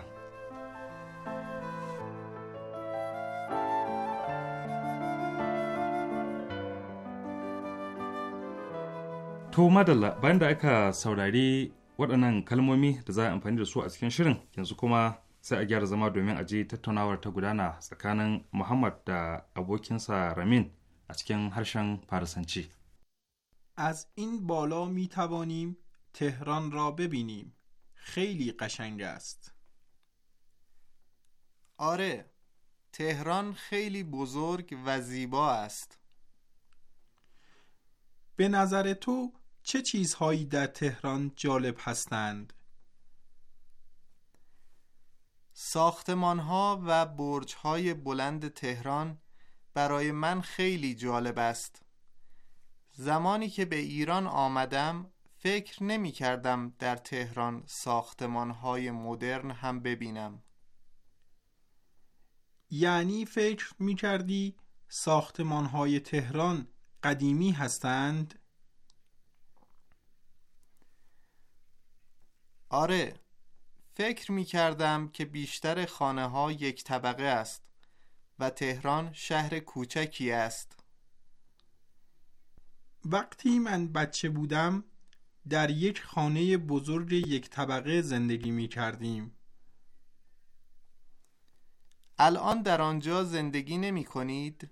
To madalla bayan da aka saurari waɗannan kalmomi da za a amfani da su a cikin shirin yanzu kuma sai a gyara zama domin a ji tattaunawar ta gudana tsakanin Muhammad da abokinsa Ramin از این بالا می توانیم تهران را ببینیم. خیلی قشنگ است. آره، تهران خیلی بزرگ و زیبا است. به نظر تو چه چیزهایی در تهران جالب هستند؟ ساختمان ها و برج های بلند تهران برای من خیلی جالب است زمانی که به ایران آمدم فکر نمی کردم در تهران ساختمان های مدرن هم ببینم یعنی فکر می کردی ساختمان های تهران قدیمی هستند؟ آره فکر می کردم که بیشتر خانه ها یک طبقه است و تهران شهر کوچکی است وقتی من بچه بودم در یک خانه بزرگ یک طبقه زندگی می کردیم الان در آنجا زندگی نمی کنید؟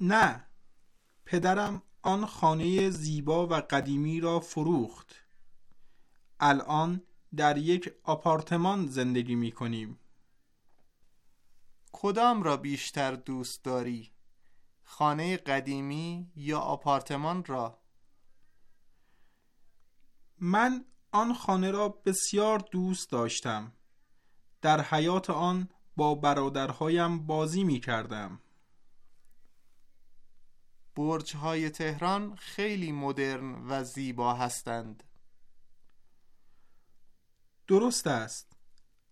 نه پدرم آن خانه زیبا و قدیمی را فروخت الان در یک آپارتمان زندگی می کنیم کدام را بیشتر دوست داری؟ خانه قدیمی یا آپارتمان را؟ من آن خانه را بسیار دوست داشتم در حیات آن با برادرهایم بازی می کردم برج های تهران خیلی مدرن و زیبا هستند درست است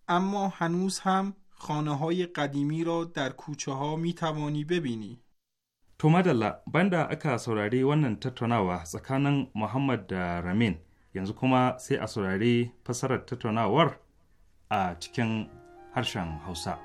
اما هنوز هم خانه های قدیمی را در کوچه ها To madalla banda aka saurari wannan tattaunawa tsakanin Muhammad da Ramin yanzu kuma sai a saurari fasarar tattaunawar a cikin harshen Hausa.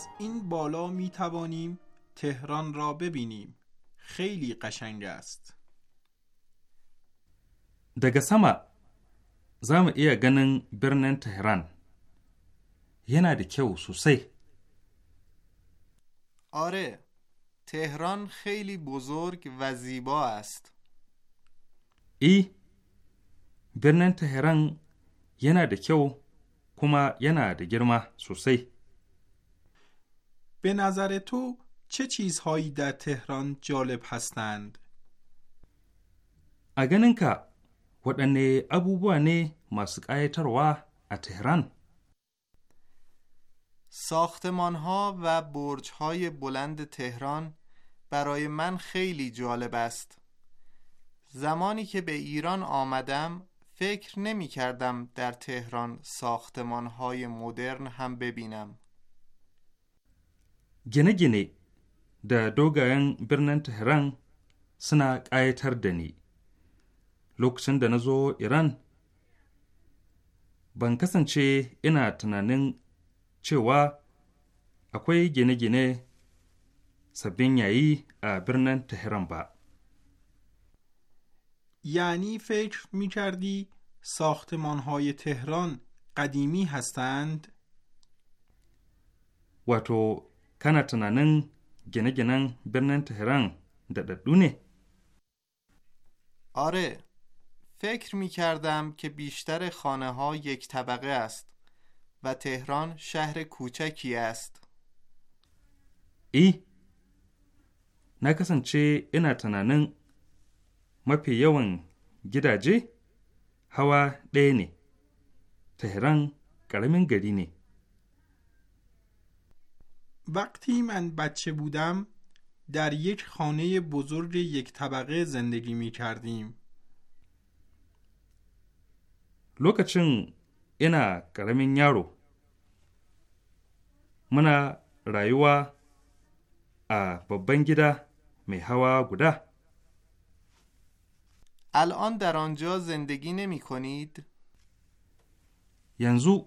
از این بالا می توانیم تهران را ببینیم. خیلی قشنگ است. daga sama za mu iya ganin birnin Tehran. Yana da kyau sosai. آره، تهران خیلی بزرگ و زیبا است. ای، birnin Tehran yana da kyau kuma yana da girma sosai. به نظر تو چه چیزهایی در تهران جالب هستند؟ اگر نکا، waɗanne abubuwa ne masu ƙayatarwa ساختمان ها و برج های بلند تهران برای من خیلی جالب است. زمانی که به ایران آمدم فکر نمی کردم در تهران ساختمان های مدرن هم ببینم. gine-gine da dogayen birnin Tehran suna ƙayatar da ni. Lokacin da na zo Iran, ban kasance ina tunanin cewa akwai gine-gine sabbin yayi a birnin Tehran ba. یعنی فکر می کردی ساختمان های تهران قدیمی هستند؟ kana tunanin gine-ginen birnin Tehran da ɗaɗɗu ne? Are, fikir mi kardam ke bishtar khane ha yek tabaqe ast va Tehran shahr kuchaki ast. I, na kasance ina tunanin mafi yawan gidaje hawa ɗaya ne. Tehran karamin gari ne. وقتی من بچه بودم در یک خانه بزرگ یک طبقه زندگی می کردیم لوکچن اینا کرمین یارو منا رایوا ا می هوا گودا الان در آنجا زندگی نمی کنید؟ ینزو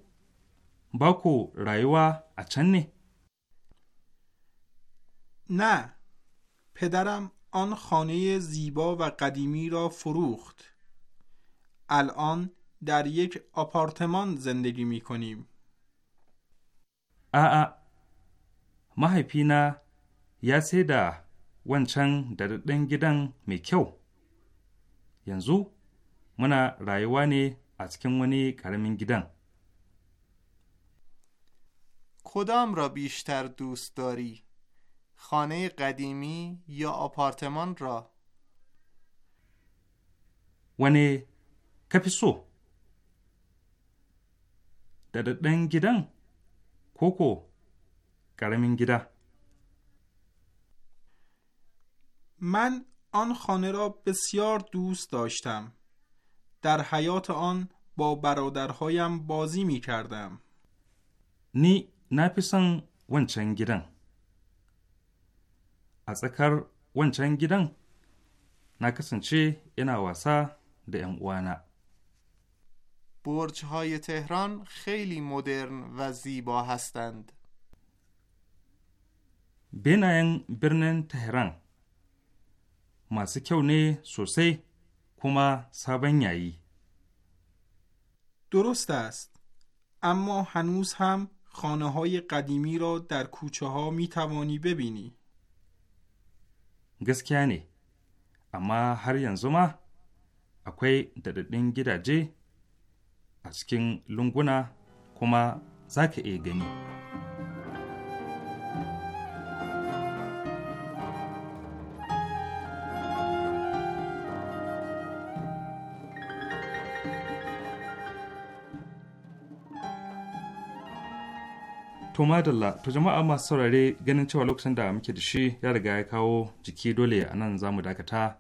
باکو رایوا اچنه؟ نه پدرم آن خانه زیبا و قدیمی را فروخت الان در یک آپارتمان زندگی می کنیم ماه پینا یا سیدا ونچن در دنگیدن می کیو ینزو منا رایوانی از کنونی کارمین گیدن کدام را بیشتر دوست داری؟ خانه قدیمی یا آپارتمان را ونه کپیسو گیدن کوکو کارمین گیده من آن خانه را بسیار دوست داشتم در حیات آن با برادرهایم بازی می کردم نی نپیسن ونچن a tsakar برج های تهران خیلی مدرن و زیبا هستند. بناین برنن تهران masu kyau ne sosai درست است. اما هنوز هم خانه های قدیمی را در کوچه ها می توانی ببینی. gaskiya ne amma har yanzu ma akwai daɗaɗɗun gidaje a cikin lunguna kuma za ka iya gani. To madalla, to jama'a masu saurare ganin cewa lokacin da muke da shi ya riga ya kawo jiki dole a nan za mu dakata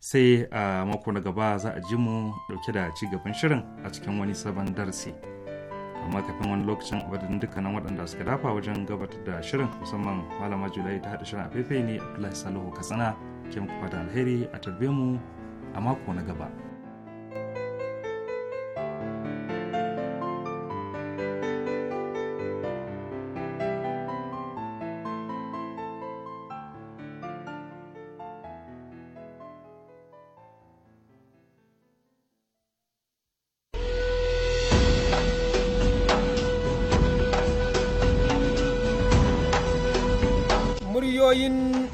sai a mako na gaba za a ji mu dauke da ci gaban shirin a cikin wani sabon darasi. amma kafin wani lokacin abadin dukkanin waɗanda suka dafa wajen gabatar da shirin musamman malama julai ta haɗa shirin a faifai ne abdullahi salihu katsina ke muku fata alheri a tarbe mu a mako na gaba.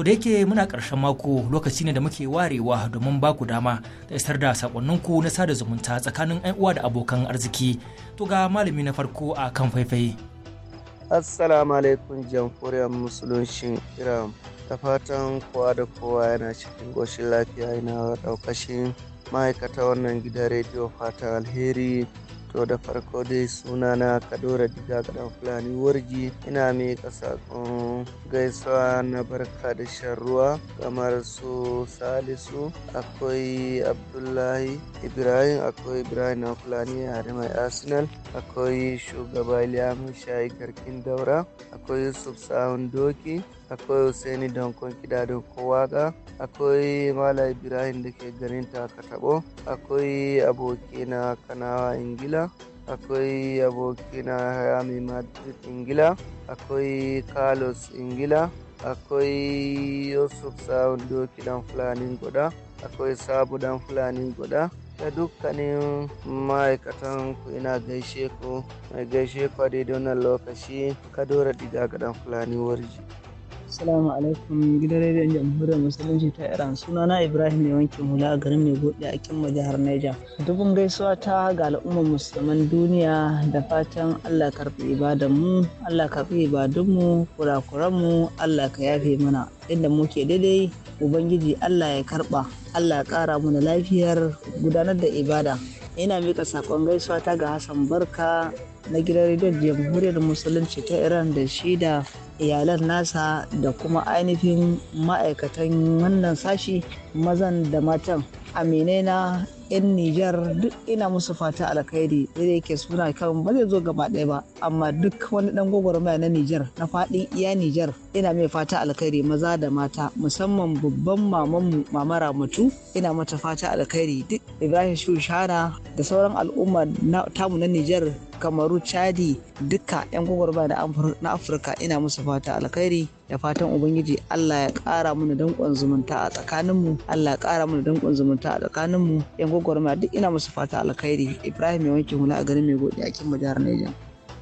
To da yake muna ƙarshen mako lokaci ne da muke warewa domin ba ku dama da isar da sakonninku na sada zumunta tsakanin 'yan uwa da abokan arziki. To ga malami na farko a kan faifai. Assalamu alaikum jamhuriyar musulunci Iran. Da fatan kowa da kowa yana cikin goshin lafiya yana daukashin ma'aikata wannan gidan rediyo fatan alheri To da farko dai sunana Kadora Diga Gadan Fulani Warji ina mai kasakon gaisuwa na barka da ruwa kamar su Salisu akwai Abdullahi Ibrahim akwai Ibrahim na Fulani a mai Arsenal akwai shugaba Liam Shayi Garkin Daura akwai Yusuf Sa'un Doki akwai Hussaini Dankon Kida da Kowaka, akwai Mala Ibrahim da ke garin Takatabo, akwai abokina Kanawa Ingila, akwai abokina Rami Madrid Ingila, akwai Carlos Ingila, akwai Yusuf Sa'un Doki dan Fulani Goda, akwai Sabu dan Fulani Goda, ta dukkanin ma'aikatan ku ina gaishe ku mai gaishe ku a daidai wannan lokaci kadora diga ga dan fulani warji Assalamu alaikum gidan rediyon jamhuriyar musulunci ta Iran sunana Ibrahim ne wankin hula a garin mai buɗe a kimma jihar Niger. Dubun gaisuwa ta ga al'ummar musulman duniya da fatan Allah karɓi ibadan mu, Allah karɓi ibadun mu, kurakuran mu, Allah ka yafe mana. Inda muke daidai Ubangiji Allah ya karɓa, Allah ya ƙara mana lafiyar gudanar da ibada. Ina mika saƙon gaisuwa ta ga Hassan Barka na gidan rediyon jamhuriyar musulunci ta iran da shi da iyalan nasa da kuma ainihin ma'aikatan wannan sashi mazan da matan aminai na 'yan Nijar duk ina musu fata alkhairi da yake suna kan ba zai zo gaba ɗaya ba amma duk wani dan gwagwarmaya na Nijar na faɗin iya Nijar ina mai fata alkhairi maza da mata musamman babban mamanmu mamara mutu ina mata fata alkhairi duk Ibrahim Shushana da sauran al'umma tamu na Nijar kamaru chadi duka 'yan gwagwarba na afirka ina musu fata alkhairi da fatan ubangiji allah ya kara mana danƙon zumunta a tsakaninmu allah ya kara mana danƙon zumunta a tsakaninmu yan gwagwarma duk ina musu fata alkhairi ibrahim ya wanke hula a garin mai godiya kin jihar niger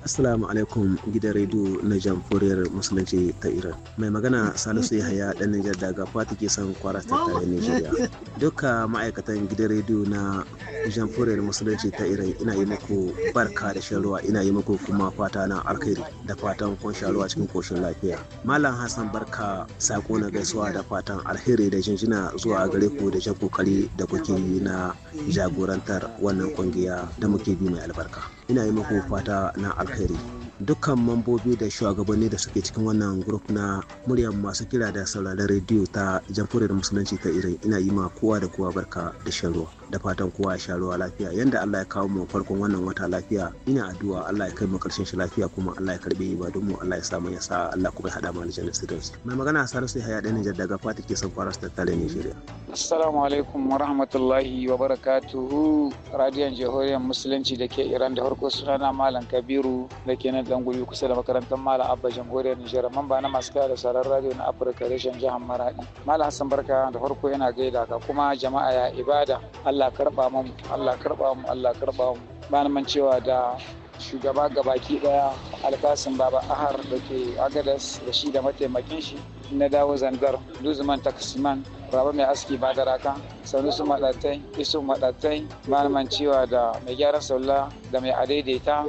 Assalamu alaikum gidan rediyo na jamhuriyar musulunci ta Iran. Mai magana Salisu Yahaya dan Nijar daga Fati ke son kwara ta tare Nijeriya. Duka ma'aikatan gidan rediyo na jamhuriyar musulunci ta Iran ina yi muku barka da shan ruwa ina yi muku kuma fata na alkhairi da fatan kun sha ruwa cikin koshin lafiya. Malam Hassan barka sako na gaisuwa da fatan alheri da jinjina zuwa gare ku da jan kokari da kuke yi na jagorantar wannan kungiya da muke bi mai albarka. ina yi maku fata na alheri dukkan mambobi da shugabanni da suke cikin wannan grup na muryar masu kira da sauraron rediyo ta jamhuriyar musulunci ta irin ina yi ma kowa da kowa barka da shan ruwa da fatan kowa ya sha ruwa lafiya yadda Allah ya kawo mu farkon wannan wata lafiya ina addu'a Allah ya kai mu karshen shi lafiya kuma Allah ya karbe ibadun mu Allah ya sa mu ya sa Allah kuma ya hada mu aljanna sirrinsa mai magana Salisu haya da Nijar daga Fati ke son kwaras tare Nigeria Assalamu alaikum wa rahmatullahi wa barakatuhu radiyon jihohiyar musulunci da ke Iran da farko suna na Malam Kabiru da ke nan dan kusa da makarantar Malam Abba jamhuriyar Nijar mamba na masu da sarar radiyo na Afirka reshen jihar Maradi Malam Hassan Barka da farko yana gaida ka kuma jama'a ya ibada Allah karba mu Allah karba mu Allah karba mu bana man cewa da shugaba gabaki daya alkasin baba ahar da ke agadas da shi da mataimakin shi na dawo zangar luzman takasiman rabu mai aski ba da raka sanu su maɗatai isu maɗatai malaman cewa da mai gyara saula da mai adaidaita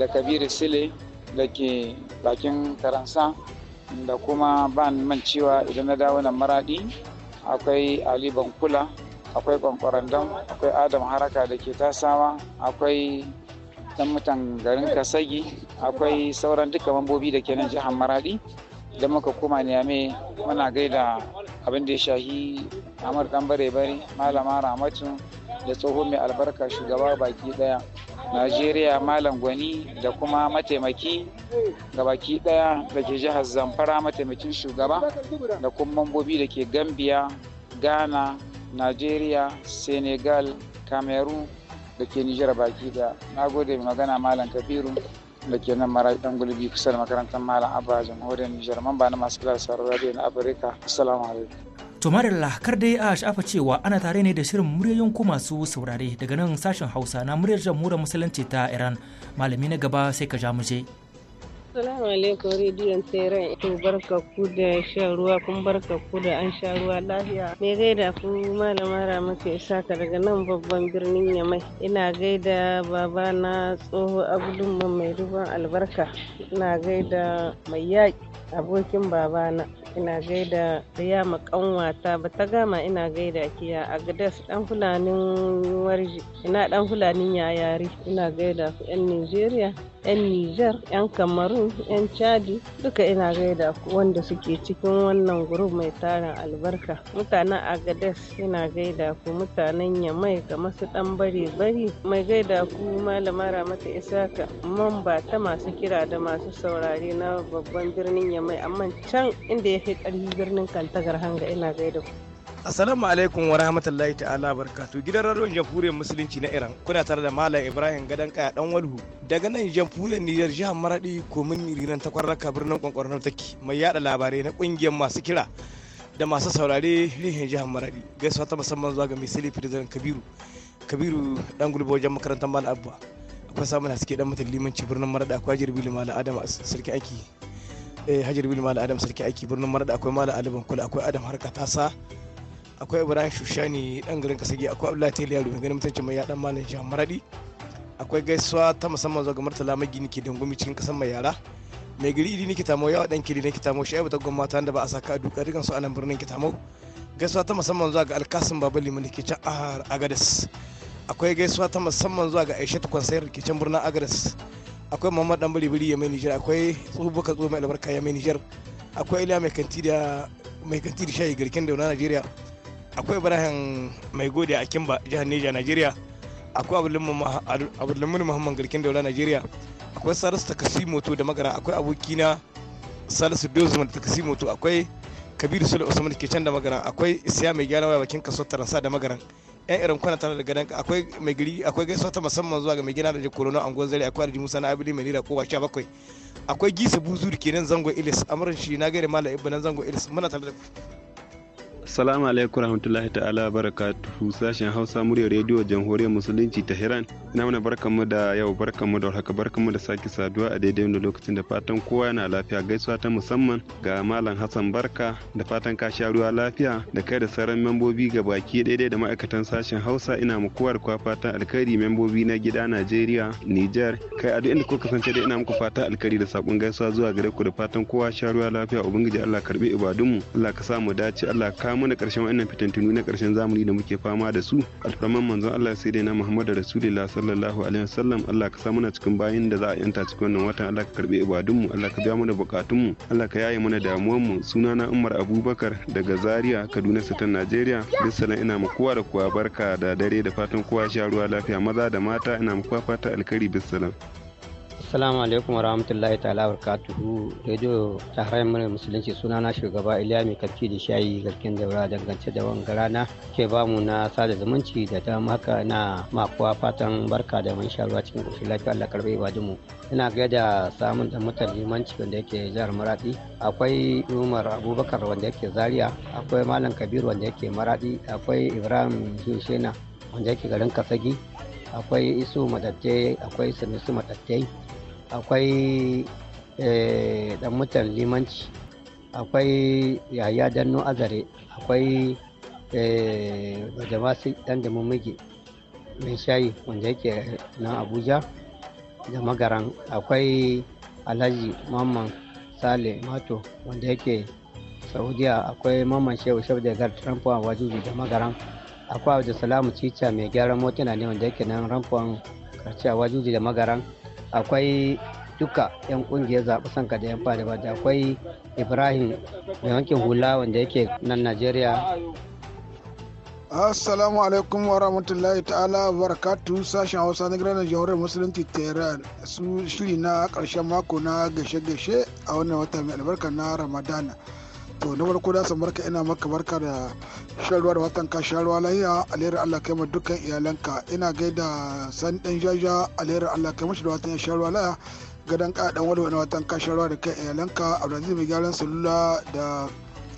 da kabiru sile da ke bakin karansa da kuma ban man cewa idan na dawo nan maraɗi akwai ali bankula akwai kwankwarandam akwai adam haraka da ke tasawa akwai ɗan mutan garin kasagi akwai sauran duka mambobi da ke nan jihar maradi da muka koma niyame muna gaida abin da ya shahi amur dan bare bare malama ramatu da tsoho mai albarka shugaba baki daya najeriya malam gwani da kuma mataimaki ga baki daya da ke jihar zamfara mataimakin shugaba da kuma mambobi da ke gambiya ghana nigeria senegal cameroon da ke nijar baki da na gode magana malam kabiru da ke nan mara dan gulbi kusa da makarantar malam abba jamhuriyar nijar ba na masu kula da sauran radio na afirka assalamu alaikum to marar kar dai a shafa cewa ana tare ne da shirin muryoyin ku masu saurare daga nan sashen hausa na muryar jamhuriyar musulunci ta iran malami na gaba sai ka ja mu je. Assalamu alaikum rediyon tseren to barka ku da shan ruwa kun barka ku da an sha ruwa lafiya. Me gaida ku malama Ramatu Isaka daga nan babban birnin Yamai. Ina gaida baba na tsoho Abdul mai ruwan albarka. Ina gaida mai yaƙi abokin babana ina gaida ya makanwata ba ta gama ina gaida kiya a gadas dan fulanin warji ina dan fulanin yayari ina gaida ku yan nigeria yan niger yan cameroon yan chadi duka ina gaida ku wanda suke cikin wannan guruf mai tarin albarka mutanen agades ina gaida ku mutanen yamai kamar su dan bare bari mai gaida ku malama ramata isaka mamba ta masu kira da masu saurare na babban birnin yamai mai amma can inda ya fi ƙarfi birnin kaltagar hanga ina gaida ku. Assalamu alaikum wa rahmatullahi ta'ala barkatu gidan radio jamhuriyar musulunci na Iran kuna tare da Malam Ibrahim Gadan Kaya dan Walhu daga nan jamhuriyar Nijar jihar Maradi komin Rinan ka birnin kwankwarnar take mai yada labarai na kungiyar masu kira da masu saurare rihin jihar Maradi gaisuwa ta musamman zuwa ga mai silifi da Kabiru Kabiru dan gulba wajen makarantar Malam Abba akwai samun haske dan mutum ci birnin Maradi akwai jirbi malam Adam sarki aiki eh hajar bil malam adam sarki aiki birnin marada akwai malam aliban kula akwai adam harka tasa akwai ibrahim shushani dan garin kasage akwai abdullahi tele yaro mai ganin mutuncin mai yadan malam jihar maradi akwai gaisuwa ta musamman zuwa ga martala magini ke dangumi cikin kasan mai yara mai gari idi ni tamo yawa dan kiri ne tamo shi ta gwamnati da ba a saka duka dukan su anan birnin birnin tamo gaisuwa ta musamman zuwa ga alkasim babali ke can ahar agadas akwai gaisuwa ta musamman zuwa ga aishatu kwansayar can birnin agadas akwai muhammad dan biri ya mai nijar akwai tsohubuka tsohu mai albarka ya mai nijar akwai iliya mai kanti da mai kanti da shayi garkin dauna najeriya akwai ibrahim mai gode a kimba jihar neja najeriya akwai abdulmumin muhammad garkin dauna najeriya akwai salisu takasi moto da magana akwai abokina salisu dozman da takasi moto akwai kabiru sule usman da ke can da magana akwai isiya mai gyara waya bakin kaso taransa da magaran yan irin kwana tana da gadan akwai mai gari akwai gaisuwa ta musamman zuwa ga mai gina da jikoro na angon zari akwai da musa na abili mai nira kowa sha bakwai akwai gisa buzu da kenan zango ilis amurin shi na gari malam ibba nan zango ilis muna tare da ku Salamu alaikum rahmatullahi ta'ala barakatuhu sashen Hausa muryar rediyo Jamhuriyar Musulunci ta Iran. Ina mana barkanmu da yau barkanmu da haka barkanmu da sake saduwa a daidai wani lokacin da fatan kowa yana lafiya gaisuwa ta musamman ga Malam Hassan Barka da fatan ka sha ruwa lafiya da kai da sauran membobi ga baki daidai da ma'aikatan sashen Hausa ina mu kowar kwa fatan alkhairi membobi na gida Najeriya, Niger, kai a duk inda kuka kasance dai ina muku fatan alkhairi da sakon gaisuwa zuwa gare ku da fatan kowa sha ruwa lafiya ubangiji Allah karbi ibadunmu Allah ka sa mu dace Allah ka mana karshen wannan fitantunu na karshen zamani da muke fama da su alfarman manzon Allah sai dai na Muhammadu Rasulullah sallallahu alaihi wasallam Allah ka sa mana cikin bayin da za a yanta cikin wannan watan Allah ka karbe ibadun mu Allah ka biya mana bukatun mu Allah ka yaye mana damuwan mu sunana Umar Abubakar daga Zaria Kaduna Sitan Najeriya bissalan ina ma kowa da kowa barka da dare da fatan kowa sha ruwa lafiya maza da mata ina ma kowa fata alkhairi bissalan Assalamu alaikum warahmatullahi ta'ala barkatuhu Radio ta harayin musulunci suna na shugaba Iliya mai kafi da shayi garkin daura dangance da wanga rana ke bamu na sada zumunci da ta haka na makuwa fatan barka da mun sha cikin ƙoshin lafiya Allah karbe ba mu. Ina ga da samun da mutan limanci wanda yake jihar Maradi akwai Umar Abubakar wanda yake Zaria akwai Malam Kabiru wanda yake Maradi akwai Ibrahim Hushena wanda yake garin Kasagi akwai isu madatte akwai sanusu madatte akwai eh, dan mutan limanci akwai yaya danno azare akwai eh, bajamasi dan da mummige mai shayi wanda yake nan abuja da magaran akwai alhaji mamman sale mato wanda yake saudiya akwai mamman shehu shehu da gar a wajibi da magaran akwai abu da salamu cica mai gyaran motuna ne wanda yake nan karci a wajibi da magaran akwai duka 'yan kungiyar zaɓi sanka da 'yan fadi da akwai ibrahim da wankin hula wanda yake nan najeriya assalamu alaikum wa rahmatullahi ta'ala barakatu sashen hausa na gidan jamhuriyar musulunci tehran su shiri na karshen mako na gashe-gashe a wannan wata mai albarka na ramadana to na farko da san barka ina maka barka da shan ruwa da watan ka shan ruwa lahiya alherin Allah kai ma dukkan iyalanka ina gaida san dan jaja alherin Allah kai mashi da watan shan ruwa lahiya gadan ka dan wani watan ka shan ruwa da kai iyalanka Abdulaziz mai gyaran salula da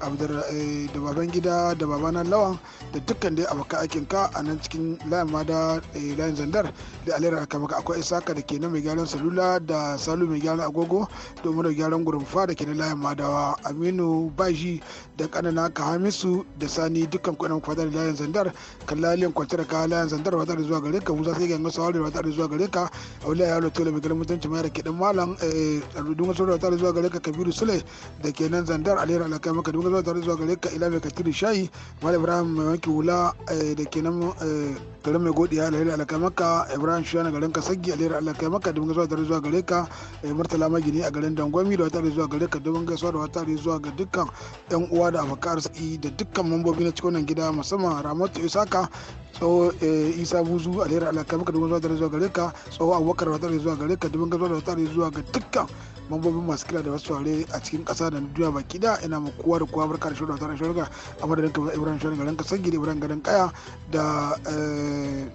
Eh, da baban gida da babana lawan da dukkan dai abokan aikin ka a nan cikin layin mada eh, layin zandar da alera maka akwai isaka da ke na mai gyaran salula da salu mai gyaran agogo domin da gyaran fa da ke na layin madawa aminu baji da kanana ka hamisu da sani dukkan kuɗin da layin zandar kallalin kwantar ka layin zandar wata da zuwa gare ka musa sai gangan sawari wata da zuwa gare ka aulaya yaro tole mai gari mutunci mai da ke dan malam eh, a rudun wasu wata da zuwa gare ka kabiru sule da ke nan zandar alera maka dukkan salwa tare zuwa gare ka ila mai katiri shayi malam ibrahim mai wanki wula eh, da ke nan eh, garin mai godiya alheri alakai maka ibrahim shiyana garin kasagi saggi alheri alakai maka domin gaisuwa tare zuwa gare ka eh, murtala magini a garin dangwami da wata da zuwa gare ka domin gaisuwa da wata da zuwa ga dukkan yan uwa da abokan arziki da dukkan mambobi na cikin wannan gida musamman ramatu isaka tsawo isa buzu alheri alakai maka domin gaisuwa tare zuwa gare ka tsawo abubakar wata da zuwa gare ka domin gaisuwa da wata da zuwa ga dukkan mambobin masu kira da wasu a cikin ƙasa da duniya baki da ina mu kowa da kowa barka da shugaba tare shirya a madadin kamar ibrahim shirya garin kasar gidi ibrahim garin kaya da eh,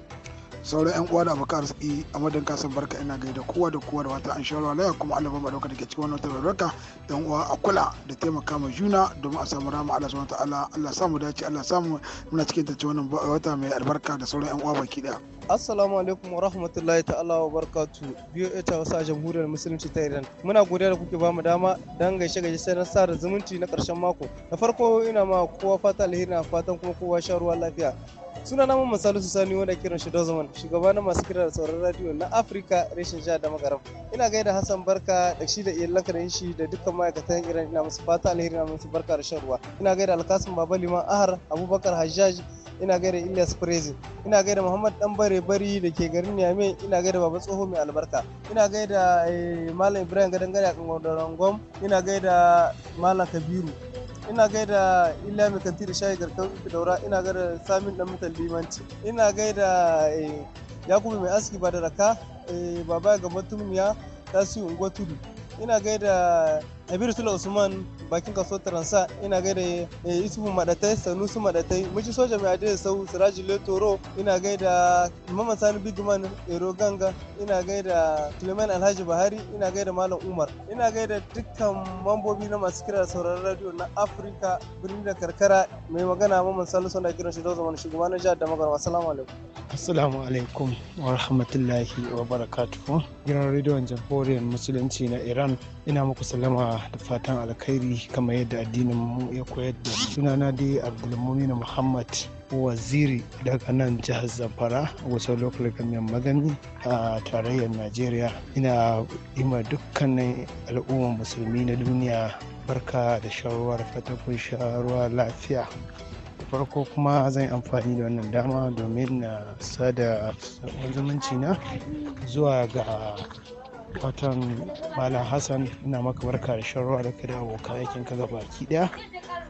sauran yan uwa da abokan arziki a madan kasan barka ina gaida kowa da kowa da wata an shawarwa laya kuma Allah ba da dake cikin wannan tabarruka yan uwa a kula da taimaka ma juna domin a samu rama Allah subhanahu wataala Allah samu dace Allah samu muna cikin ta wannan wata mai albarka da sauran yan uwa baki daya assalamu alaikum wa rahmatullahi ta'ala wa barakatu biyo ita wasa jamhuriyar musulunci ta Iran muna godiya da kuke bamu dama dan gaishe gaishe sai na sa da zumunci na karshen mako da farko ina ma kowa fata alheri na fatan kuma kowa sha ruwa lafiya suna namun Masalu su sani wanda kiran shi dozaman shugaba na masu kira da sauran radio na afirka reshen jihar da magaram ina gaida hassan barka da shi da iyalan da shi da dukkan ma'aikatan iran ina musu fata alheri na musu barka da shan ruwa ina gaida alkasim baba liman ahar abubakar hajjaj ina gaida Ilyas Prezi, ina gaida Muhammad Dan Bare Bari da ke garin Niamey, ina gaida Baba Tsoho mai albarka, ina gaida eh, Malam Ibrahim Gadangare a kan Gwam, ina gaida Malam Kabiru, ina gaida illa mai kanti da shayi garkan daura ina gaida samin dan mutan limanci ina gaida eh, yakubu mai aski ba da raka eh, baba ga mutumiya tasiri unguwa tudu ina gaida Abiru Sula Usman bakin kaso Taransa ina gaida eh, Isufu Madatai Sanusi Madatai Miji Soja Mai Adai Sau Siraji Letoro ina gaida Mamman Sani Bigman Ero Ganga ina gaida Suleiman Alhaji Bahari ina gaida Malam Umar ina gaida dukkan mambobi na masu kira sauraron radio na Afirka birnin da karkara mai magana Mamman Salisu na kiran shi da zaman shugaba na jihar da magarwa assalamu alaikum assalamu alaikum wa rahmatullahi wa barakatuhu gidan rediyon jamhuriyar musulunci na Iran ina muku salama da fatan alkhairi kamar yadda addinin mu ya koyar da sunana dai abdulmumin muhammad waziri daga nan jihar zamfara wasu local government magani a tarayyar najeriya ina ima dukkanin al'ummar musulmi na duniya barka da shawarwar fatakun shawarwa lafiya farko kuma zan yi amfani da wannan dama domin na sada zumunci na zuwa ga watan malam hassan ina maka barka da shan ruwa da kai da abokan aikin ka baki daya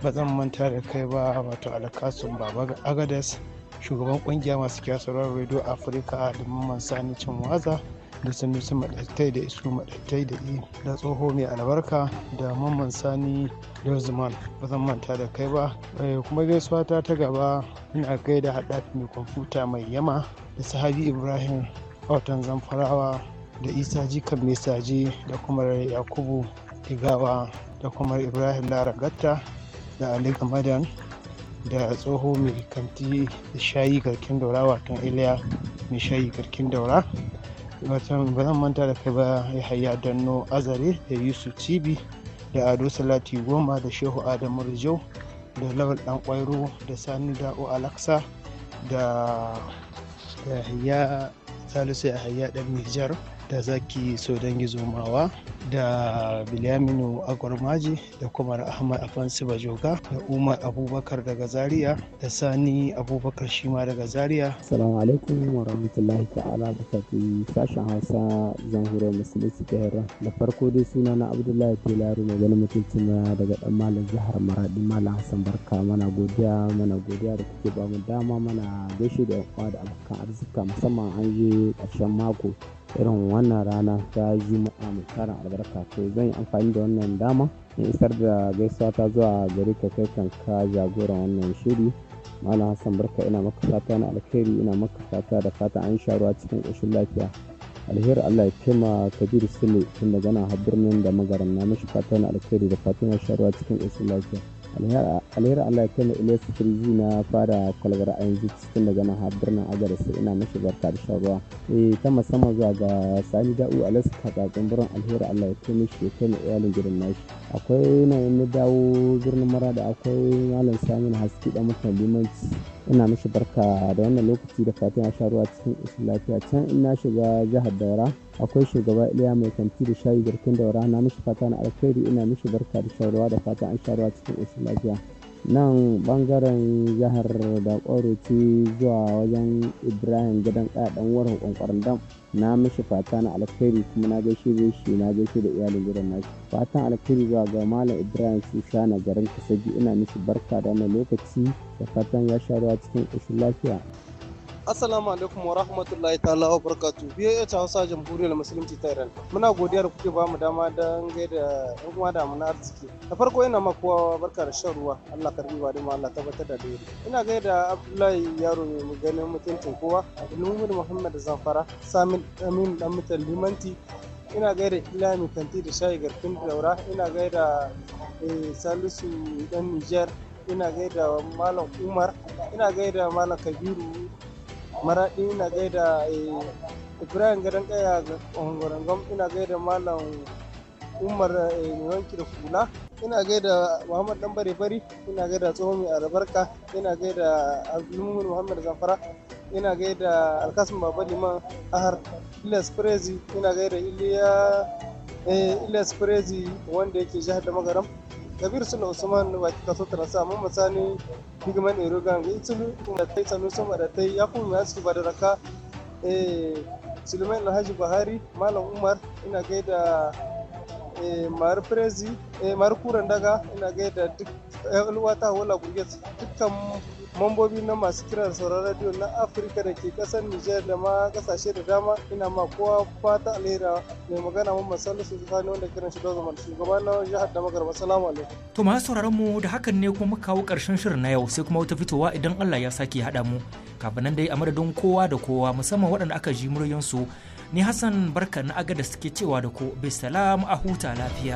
ba zan manta da kai ba wato alakasun baba agadas shugaban kungiya masu kyasarwar radio afirka da mamman sani cin waza da sanusi madattai da isu madattai da yi da tsoho mai albarka da mamman sani lozman ba zan manta da kai ba eh, kuma gaisuwa ta ta gaba ina gaida haɗafi mai kwamfuta mai yama da sahabi ibrahim a watan zamfarawa da isa jikan mesaji da kuma yakubu igawa da kuma ibrahim laragatta da ali gamadan da tsoho mai kanti da shayi garkin daura watan iliya mai shayi garkin daura watan ba zan manta da kai ba ya haya danno azare da yusuf cibi da ado salati goma da shehu adamu rijau da lawal dan kwairo da sani da'o alaksa da ya salisu ya haya dan nijar da zaki gizo gizomawa da bilyaminu agwarmaji da kumar ahmad afansu bajoga da umar abubakar daga zaria da sani abubakar shima daga zaria salamu alaikum wa rahmatullahi ta'ala da fati sashen hausa zanhurar musulunci ta yara da farko dai suna na abdullahi tilaru mai ganin mutuncin daga dan malam jihar maradi malam hassan barka mana godiya mana godiya da kuke ba mu dama mana gaishe da yan da abokan arzika musamman an je ƙarshen mako irin wannan rana ta juma'a mai tarin albarka to zan yi amfani da wannan dama in isar da gaisuwa ta zuwa gare ka kai ka jagoran wannan shiri malam hassan barka ina maka fata na alkhairi ina maka fata da fata an sha ruwa cikin ƙoshin lafiya alheri allah ya kema kabiru sule tun da gana birnin da magarin na mashi fata na alkhairi da fata na sha ruwa cikin ƙoshin lafiya alheri allah ya kama ilai sufuri na fara kwalbar ainihi cikin daga nan har birnin agar sai ina mashi barka da ruwa eh ta musamman zuwa ga sani da'u alasu kakakun birnin alheri allah ya kama shi ya kama iyalin girin nashi akwai na na dawo birnin da akwai malam samun haske da mutan limanci ina mashi barka da wannan lokaci da fatan ya sha ruwa cikin lafiya can ina shiga jihar daura akwai shugaba iliya mai kanti da shayi garkin daura na mishi fata na alkhairi ina mishi barka da shawarwa da fata an shawarwa cikin ƙoshin lafiya nan bangaren jihar da ce zuwa wajen ibrahim gidan kaɗan warhu kwankwaran dam na mishi fata na alkhairi kuma na gaishe da shi na gaishe da iyalin gidan nashi fatan alkhairi zuwa ga malam ibrahim susha na garin kasaji ina mishi barka da wannan lokaci da fatan ya sha cikin ƙoshin lafiya Assalamu alaikum wa rahmatullahi ta'ala wa barkatu. Biyo ta Hausa Jamhuriyar Musulunci ta Iran. Muna godiya da kuke bamu dama don gaida ɗan uwa da muna arziki. Da farko ina ma kowa barka da shan ruwa. Allah karbi ba da Allah tabbatar da dole. Ina gaida Abdullahi Yaro mu ganin mutuncin kowa. Abdul Muhammad Zamfara. Samin Amin Dan Mutan Limanti. Ina gaida Ilami Kanti da Shayi Garfin Daura. Ina gaida eh, Salisu Dan Nijar. Ina gaida Malam Umar. Ina gaida Malam Kabiru maraɗi ina gaida eh, ibrahim gadon kaya ga ƙwangwarangam ina gaida malam umar eh, wanki da fula ina gaida muhammad dan bare bari ina gaida tsohon mai albarka ina gaida abdulmumin muhammad zafara ina gaida alkasim baba liman ahar ilas prezi ina gaida iliya eh, ilas prezi wanda yake jihar da magaram kabir sula usman wati kaso tarasa mun masani digman erogan itulu kuma tai sanu sama da tai ya kuma ya su badaraka eh sulaiman alhaji buhari malam umar ina gaida eh mar prezi eh, mar daga ina gaida duk yan uwa ta wala gurgis dukkan mambobi na masu kiran sauran radio na afirka da ke kasar nijar da ma kasashe da dama ina ma kowa fata alhera mai magana mun masallu su tsakanin wanda kiran shi dozo shugaba na jihar da magarba salamu alaikum. to masu sauraron mu da hakan ne kuma muka kawo karshen shirin na yau sai kuma wata fitowa idan allah ya sake haɗa mu kafin nan dai a madadin kowa da kowa musamman waɗanda aka ji muryansu ni hassan barka na agada suke cewa da ku bisalam a huta lafiya.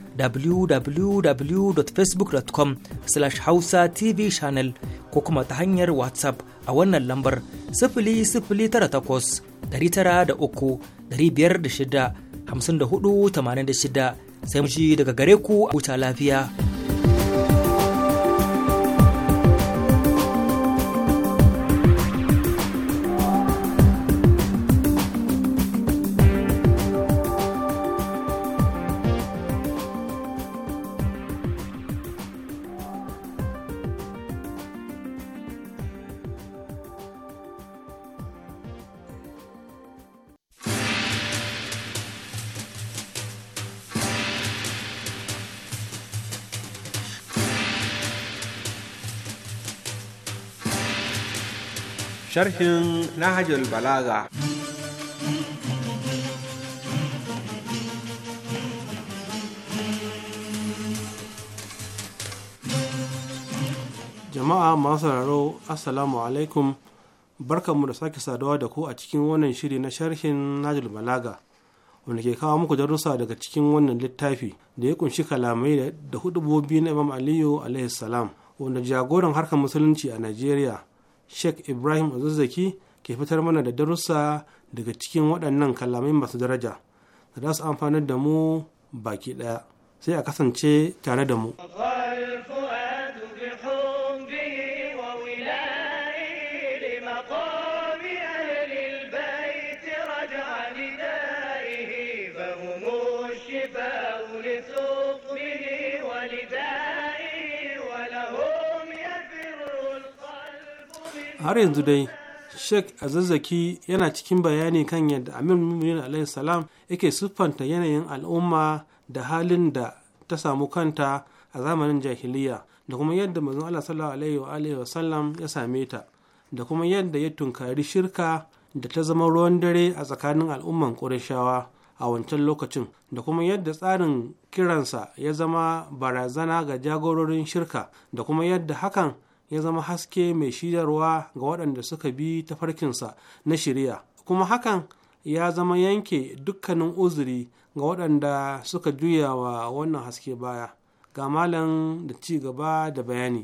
www.facebook.com slash hausa tv channel ko kuma ta hanyar whatsapp a wannan lambar biyar da shida, hamsin da hudu, tamanin da shida, sai mu ji daga gare ku a huta lafiya. sharhin Nahajul Balaga. Jama'a masu sauraro Assalamu alaikum barkanmu da sake saduwa da ku a cikin wannan shiri na sharhin Nahajul Balaga. wanda ke kawo muku darussa daga cikin wannan littafi da ya kunshi kalamai da hudubobi na imam aliyu alaihi salam wanda jagoran harkar musulunci a najeriya sheikh ibrahim azazzaki ke fitar mana da darussa daga cikin waɗannan kalamai masu daraja da za su amfanar da mu baki ɗaya sai a kasance tare da mu Oh har yanzu dai sheikh azazzaki yana cikin bayani kan yadda amir mumin alayhi salam yake siffanta yanayin al'umma da halin da ta samu kanta a zamanin jahiliya da kuma yadda mazan Allah sallallahu alaihi wa sallam ya same ta da kuma yadda ya tunkari shirka da ta zama ruwan dare a tsakanin al'umman Qurayshawa a wancan lokacin da kuma yadda tsarin kiransa ya zama barazana ga jagororin shirka da kuma yadda hakan ya zama haske mai shidarwa ga waɗanda suka bi tafarkinsa na shirya kuma hakan ya zama yanke dukkanin uzuri ga waɗanda suka juya wa wannan haske baya ga malam da ci gaba da bayani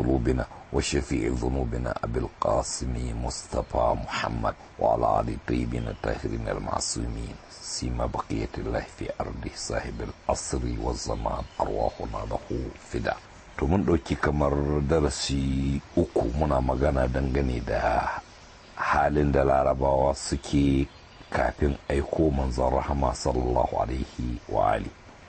الله وشفيع ذنوبنا أبي القاسم مصطفى محمد وعلى آل طيبنا الطاهرين المعصومين سيما بقية الله في أرضه صاحب الأصر والزمان أرواحنا له فدا to mun ɗauki kamar darasi uku muna magana dangane da halin da larabawa suke kafin aiko manzon rahma sallallahu alaihi wa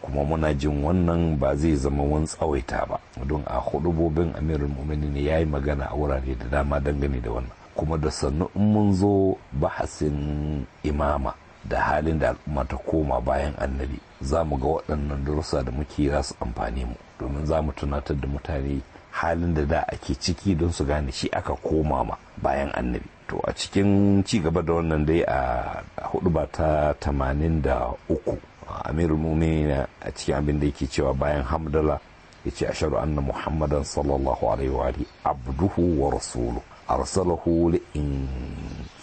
kuma muna jin wannan ba zai zama wani tsawaita ba don a bobin amirul ne ya yi magana a wurare da dama dangane da wannan kuma da sannu mun zo bahasin imama da halin da al'umma ta koma bayan annabi za mu ga waɗannan darussa da muke za su amfani mu domin za mu tunatar da mutane halin da da ake ciki don su gane shi aka koma ma bayan annabi to a cikin ci gaba da wannan dai a hudu ba ta tamanin da uku amirul mumina a cikin abin da yake cewa bayan hamdala ya ce asharu anna muhammadan sallallahu alaihi wa abduhu wa rasulu arsalahu li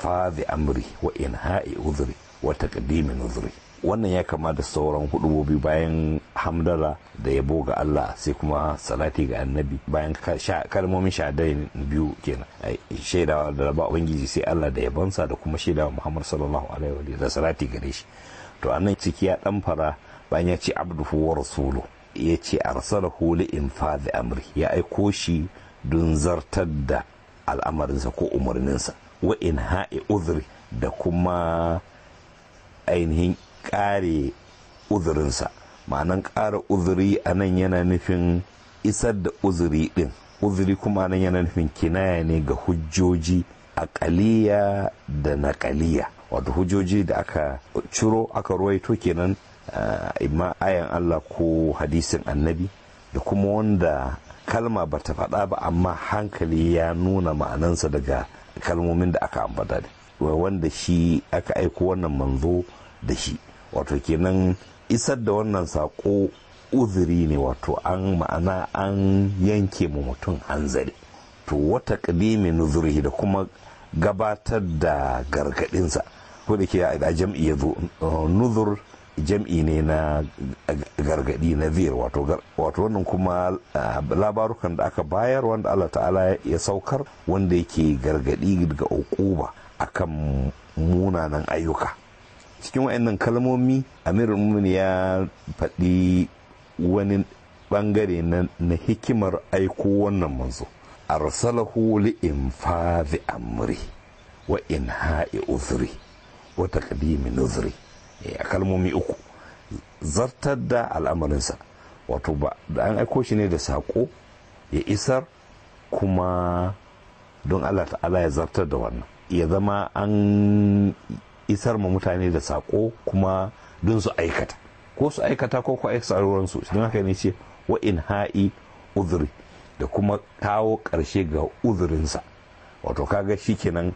fadi amri wa ha'i udhri wa takaddimi nuzuri wannan ya kama da sauran hudubobi bayan hamdala da yabo ga Allah sai kuma salati ga annabi bayan kalmomin shahadai biyu kenan shaidawa da raba ubangiji sai Allah da yabonsa da kuma shaidawa Muhammad sallallahu alaihi wa da salati gare shi to anan ciki ya dan fara bayan ya ce abduhu wa rasulu ya ce arsalahu li infadhi amri ya aiko shi don zartar da al'amarinsa ko umarninsa wa in ha'i uzuri da kuma ainihin kare uzurinsa ma'anan ƙara uzuri a nan yana nufin isar da uzuri din uzuri kuma nan yana nufin kinaya ne ga hujjoji a ƙaliya da na naƙaliya wato hujjoji da aka ciro aka ruwaito kenan eh, imma ayan Allah ko hadisin annabi da kuma wanda kalma ba ta faɗa ba amma hankali ya nuna ma'anansa daga kalmomin da aka ambata wanda shi aka aiko wannan manzo da shi wato kenan isar da wannan sako uzuri ne wato an ma'ana an yanke mu mutum hanzari to wata ƙadimi nuzuri da kuma gabatar da gargadinsa ko da ke a jam'i ya zo nuzur jam'i ne na gargadi na zir wato wannan kuma labarukan da aka bayar wanda allah ta'ala ya saukar wanda yake gargadi ga ukuba akan munanan ayyuka cikin wa'annan kalmomi amirul mumin ya faɗi wani bangare na hikimar aiko wannan manzo arsalahu li infazi amri wa in ha'i uzri wa taqdimi nuzri eh, a kalmomi uku zartar da al'amarinsa wato ba da an aiko shi ne da saƙo ya isar kuma don allah ta'ala ya zartar da wannan ya zama an isar ma mutane da sako kuma don su aikata ko su aikata ko ku aikata su don haka ne ce wa in ha'i uzuri da kuma kawo karshe ga uzurinsa wato kaga kenan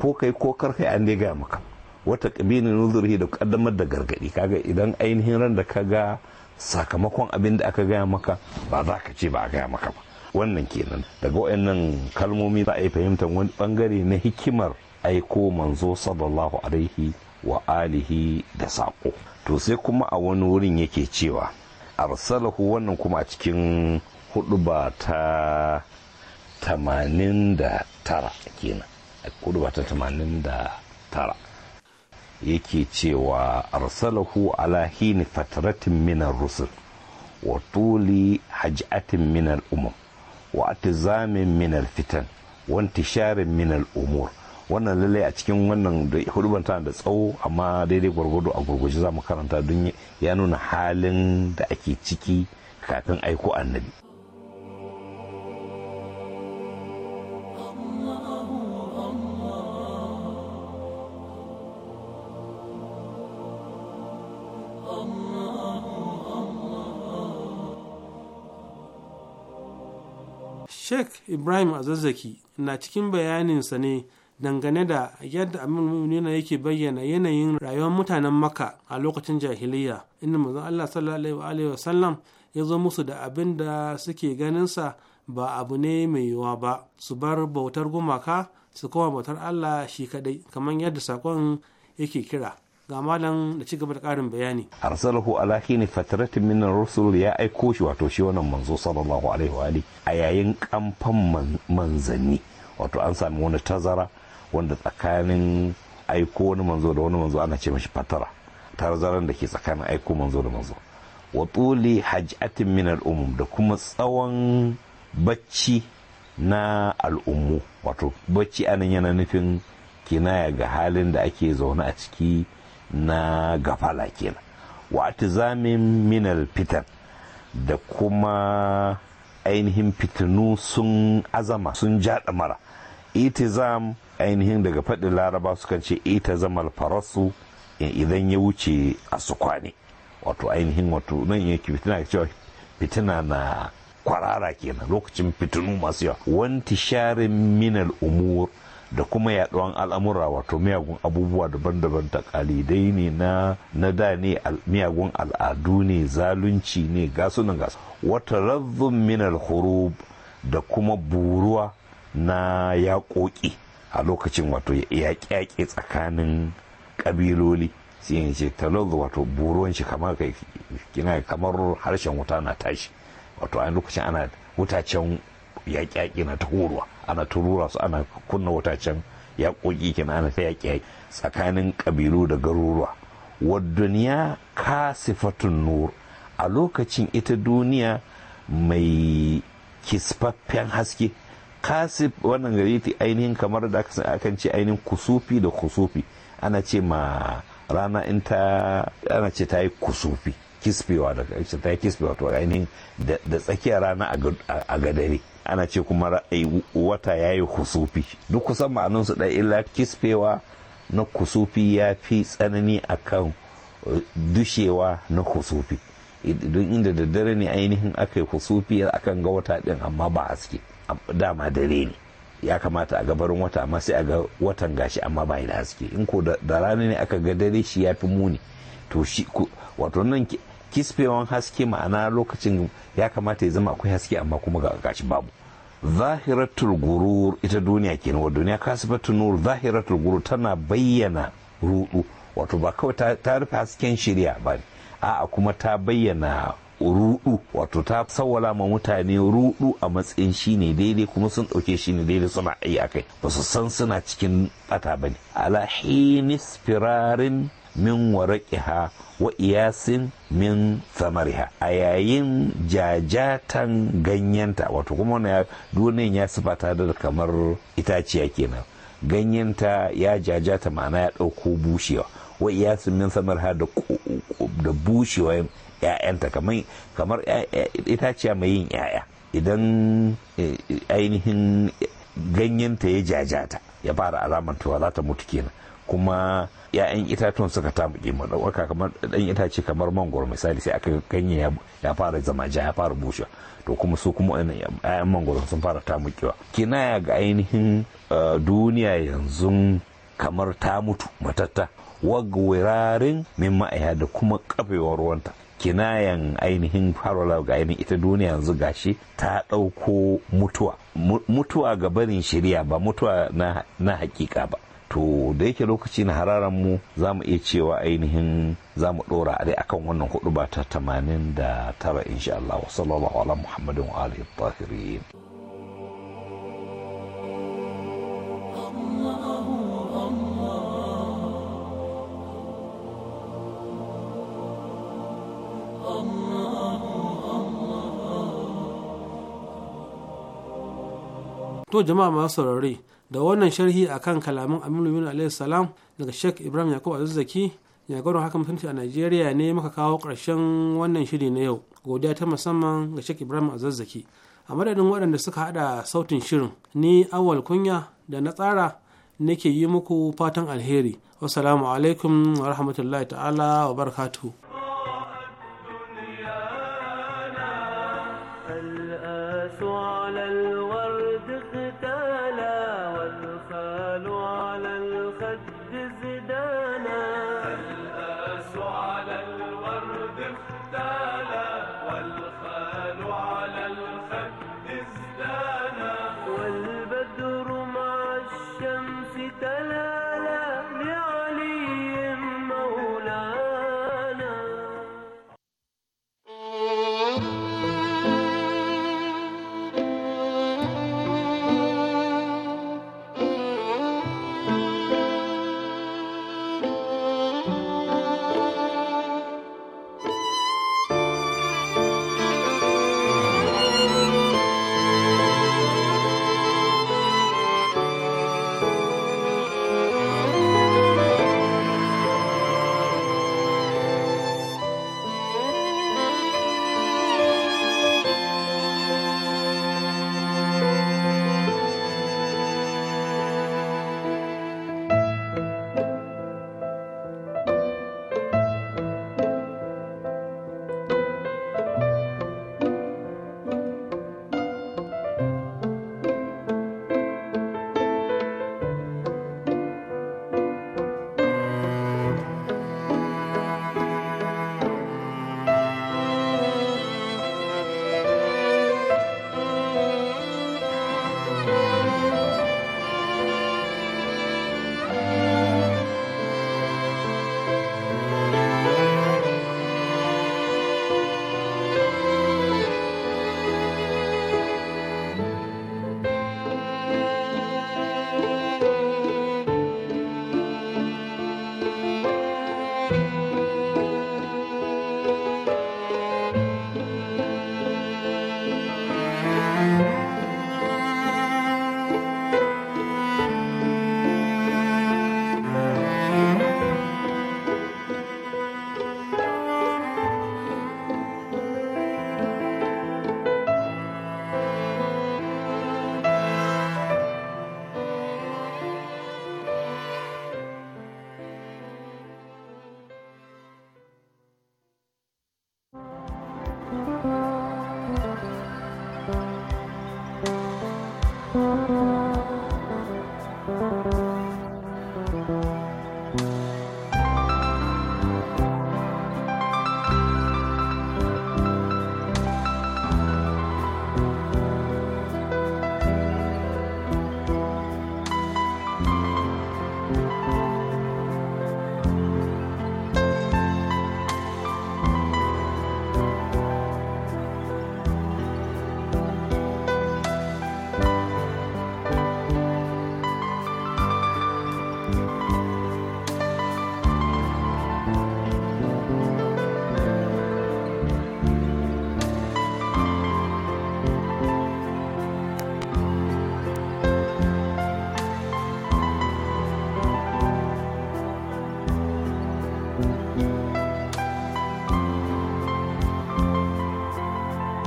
ko kai ko kai an dai gaya maka wata ƙabilin uzuri da kaddamar da gargaɗi kaga idan ainihin ran da ka ga sakamakon abin da aka gaya maka ba za ka ce ba a gaya maka ba wannan kenan daga wayannan kalmomi za a yi fahimtar wani bangare na hikimar aiko manzo sallallahu alaihi wa alihi da saƙo to sai kuma a wani wurin yake cewa arsalahu wannan kuma a cikin huduba ta tara kenan huduba ta tara yake cewa arsalahu ala hini fataratin minar rusul wa tuli haj'atin minar umar wa atizamin min alfitan wa intisharin min al'umur wannan lallai a cikin wannan da huduban tana da tsawo amma daidai gwargwado a gurguje za mu karanta don ya nuna halin da ake ciki kafin aiko annabi sheikh ibrahim azazzaki na cikin bayaninsa ne dangane da yadda amina yake bayyana yanayin rayuwar mutanen makka a lokacin jahiliya inda mazan allah sallallahu alaihi wasallam ya zo musu da abin da suke ganinsa ba abu ne mai yiwuwa ba su bar bautar gumaka su koma bautar allah shi kadai kamar yadda sakon yake kira ga malam da ci gaba da karin bayani arsalahu ala hini fatratin min rusul ya aiko shi wato shi wannan manzo sallallahu alaihi wa ali a yayin kamfan manzanni wato an sami wani tazara wanda tsakanin aiko wani manzo da wani manzo ana ce mashi fatara tazaran da ke tsakanin aiko manzo da manzo wa tuli hajjatin min al-umum da kuma tsawon bacci na al'ummu wato bacci anan yana nufin kinaya ga halin da ake zaune a ciki na gafala kenan wa atizamin minal fitan da kuma ainihin fitinu sun azama sun jaɗa mara itizam ainihin daga faɗin laraba sukan ce zama farasu eh, idan ya wuce a su kwane wato ainihin wato nan yake fitina cewa fitina na kwarara kenan lokacin fitinu masu yawa wanti sharin minal umur da kuma yaduwan al'amura wato miyagun abubuwa daban-daban takalidai ne na da ne miyagun al'adu ne zalunci ne nan gasu wata razzun minal hurub da kuma buruwa na ya yaƙoƙi a lokacin wato yaƙe-yaƙe tsakanin ƙabiloli sai yin ce talazu wato buruwan shi kamar kai kina kamar harshen wuta na tashi wato a lokacin ana wutacen yaƙi-yaƙi na tururuwa ana tururuwa su ana kunna wata can yaƙoƙi na ana ta yaƙi-yaƙi tsakanin ƙabilu da garuruwa wa duniya sifatun nur a lokacin ita duniya mai kisfaffen haske kasif wannan gari ta ainihin kamar da aka akan ce ainihin kusufi da kusufi ana ce ma rana in ta ana ce ta yi kusufi kisbewa da ta yi to ainihin da tsakiyar rana a gadare ana ce kuma ra'ayi wata ya yi kusufi duk kusan ma'anunsu ɗaya illa kisfewa na kusufi ya fi tsanani akan uh, dushewa na kusufi don inda da dare ne ainihin aka yi kusufi akan ga wata ɗin amma ba haske dama dare ne ya kamata a gabarin wata amma sai a ga watan gashi amma ba da haske in ko da rana ne aka ga dare shi ya fi muni to shi wato nan kisfewan haske ma'ana lokacin ya kamata ya zama akwai haske amma kuma ga gashi babu zahiratul gurur ita duniya kenan wa duniya kasifatu nur zahiratul gurur tana bayyana ruɗu. wato ba kawai ta rufe hasken shirya ba ne. a'a kuma ta bayyana rudu wato ta sawwala ma mutane ruɗu a matsayin shine daidai kuma sun dauke shi daidai suna ayi akai ba su san suna cikin bata ba ne ala firarin min waraƙiha wa iyasin min samariha a yayin jajatan ganyenta wato kuma wannan duniyan ya sifata da kamar itaciya kenan ganyenta ya jajata ma'ana ya ɗauko bushewa wa iyasin min samariha da bushewa ‘ya'yanta kamar itaciya mai yin ‘ya'ya idan e, e, ainihin ganyenta ya jajata ya fara alamantawa za ta mutu kenan kuma 'ya'yan itatuwan suka tamuke mu ɗauka kamar ɗan itace kamar mangoro misali sai aka ganye ya fara zama ja ya fara bushewa to kuma su kuma 'ya'yan mangoro sun fara tamukewa kinaya ga ainihin eh, duniya yanzu kamar ta mutu matatta wagwirarin min ma'aya da kuma kafewar ruwanta kinayan ainihin farola ga ainihin ita duniya yanzu gashi ta dauko mutuwa mutuwa ga barin shirya ba mutuwa na hakika ba to da yake lokaci na hararan mu za mu iya cewa ainihin za mu dora a akan wannan hudu ba ta tamanin da tara insha Allah wa sallallahu ala muhammadin wa alihi tahirin To jama'a masu da wannan sharhi akan kalaman aminu bin alayhi salam daga sheikh ibrahim yakubu azizzaki ya gauron haka mutunci a nigeria ne muka kawo karshen wannan shiri na yau godiya ta musamman ga sheikh ibrahim azazzaki a madadin waɗanda suka haɗa sautin shirin ni awal kunya da na tsara nake yi muku fatan alheri wasalamu alaikum wa rahmatullahi ta'ala wa barakatuhu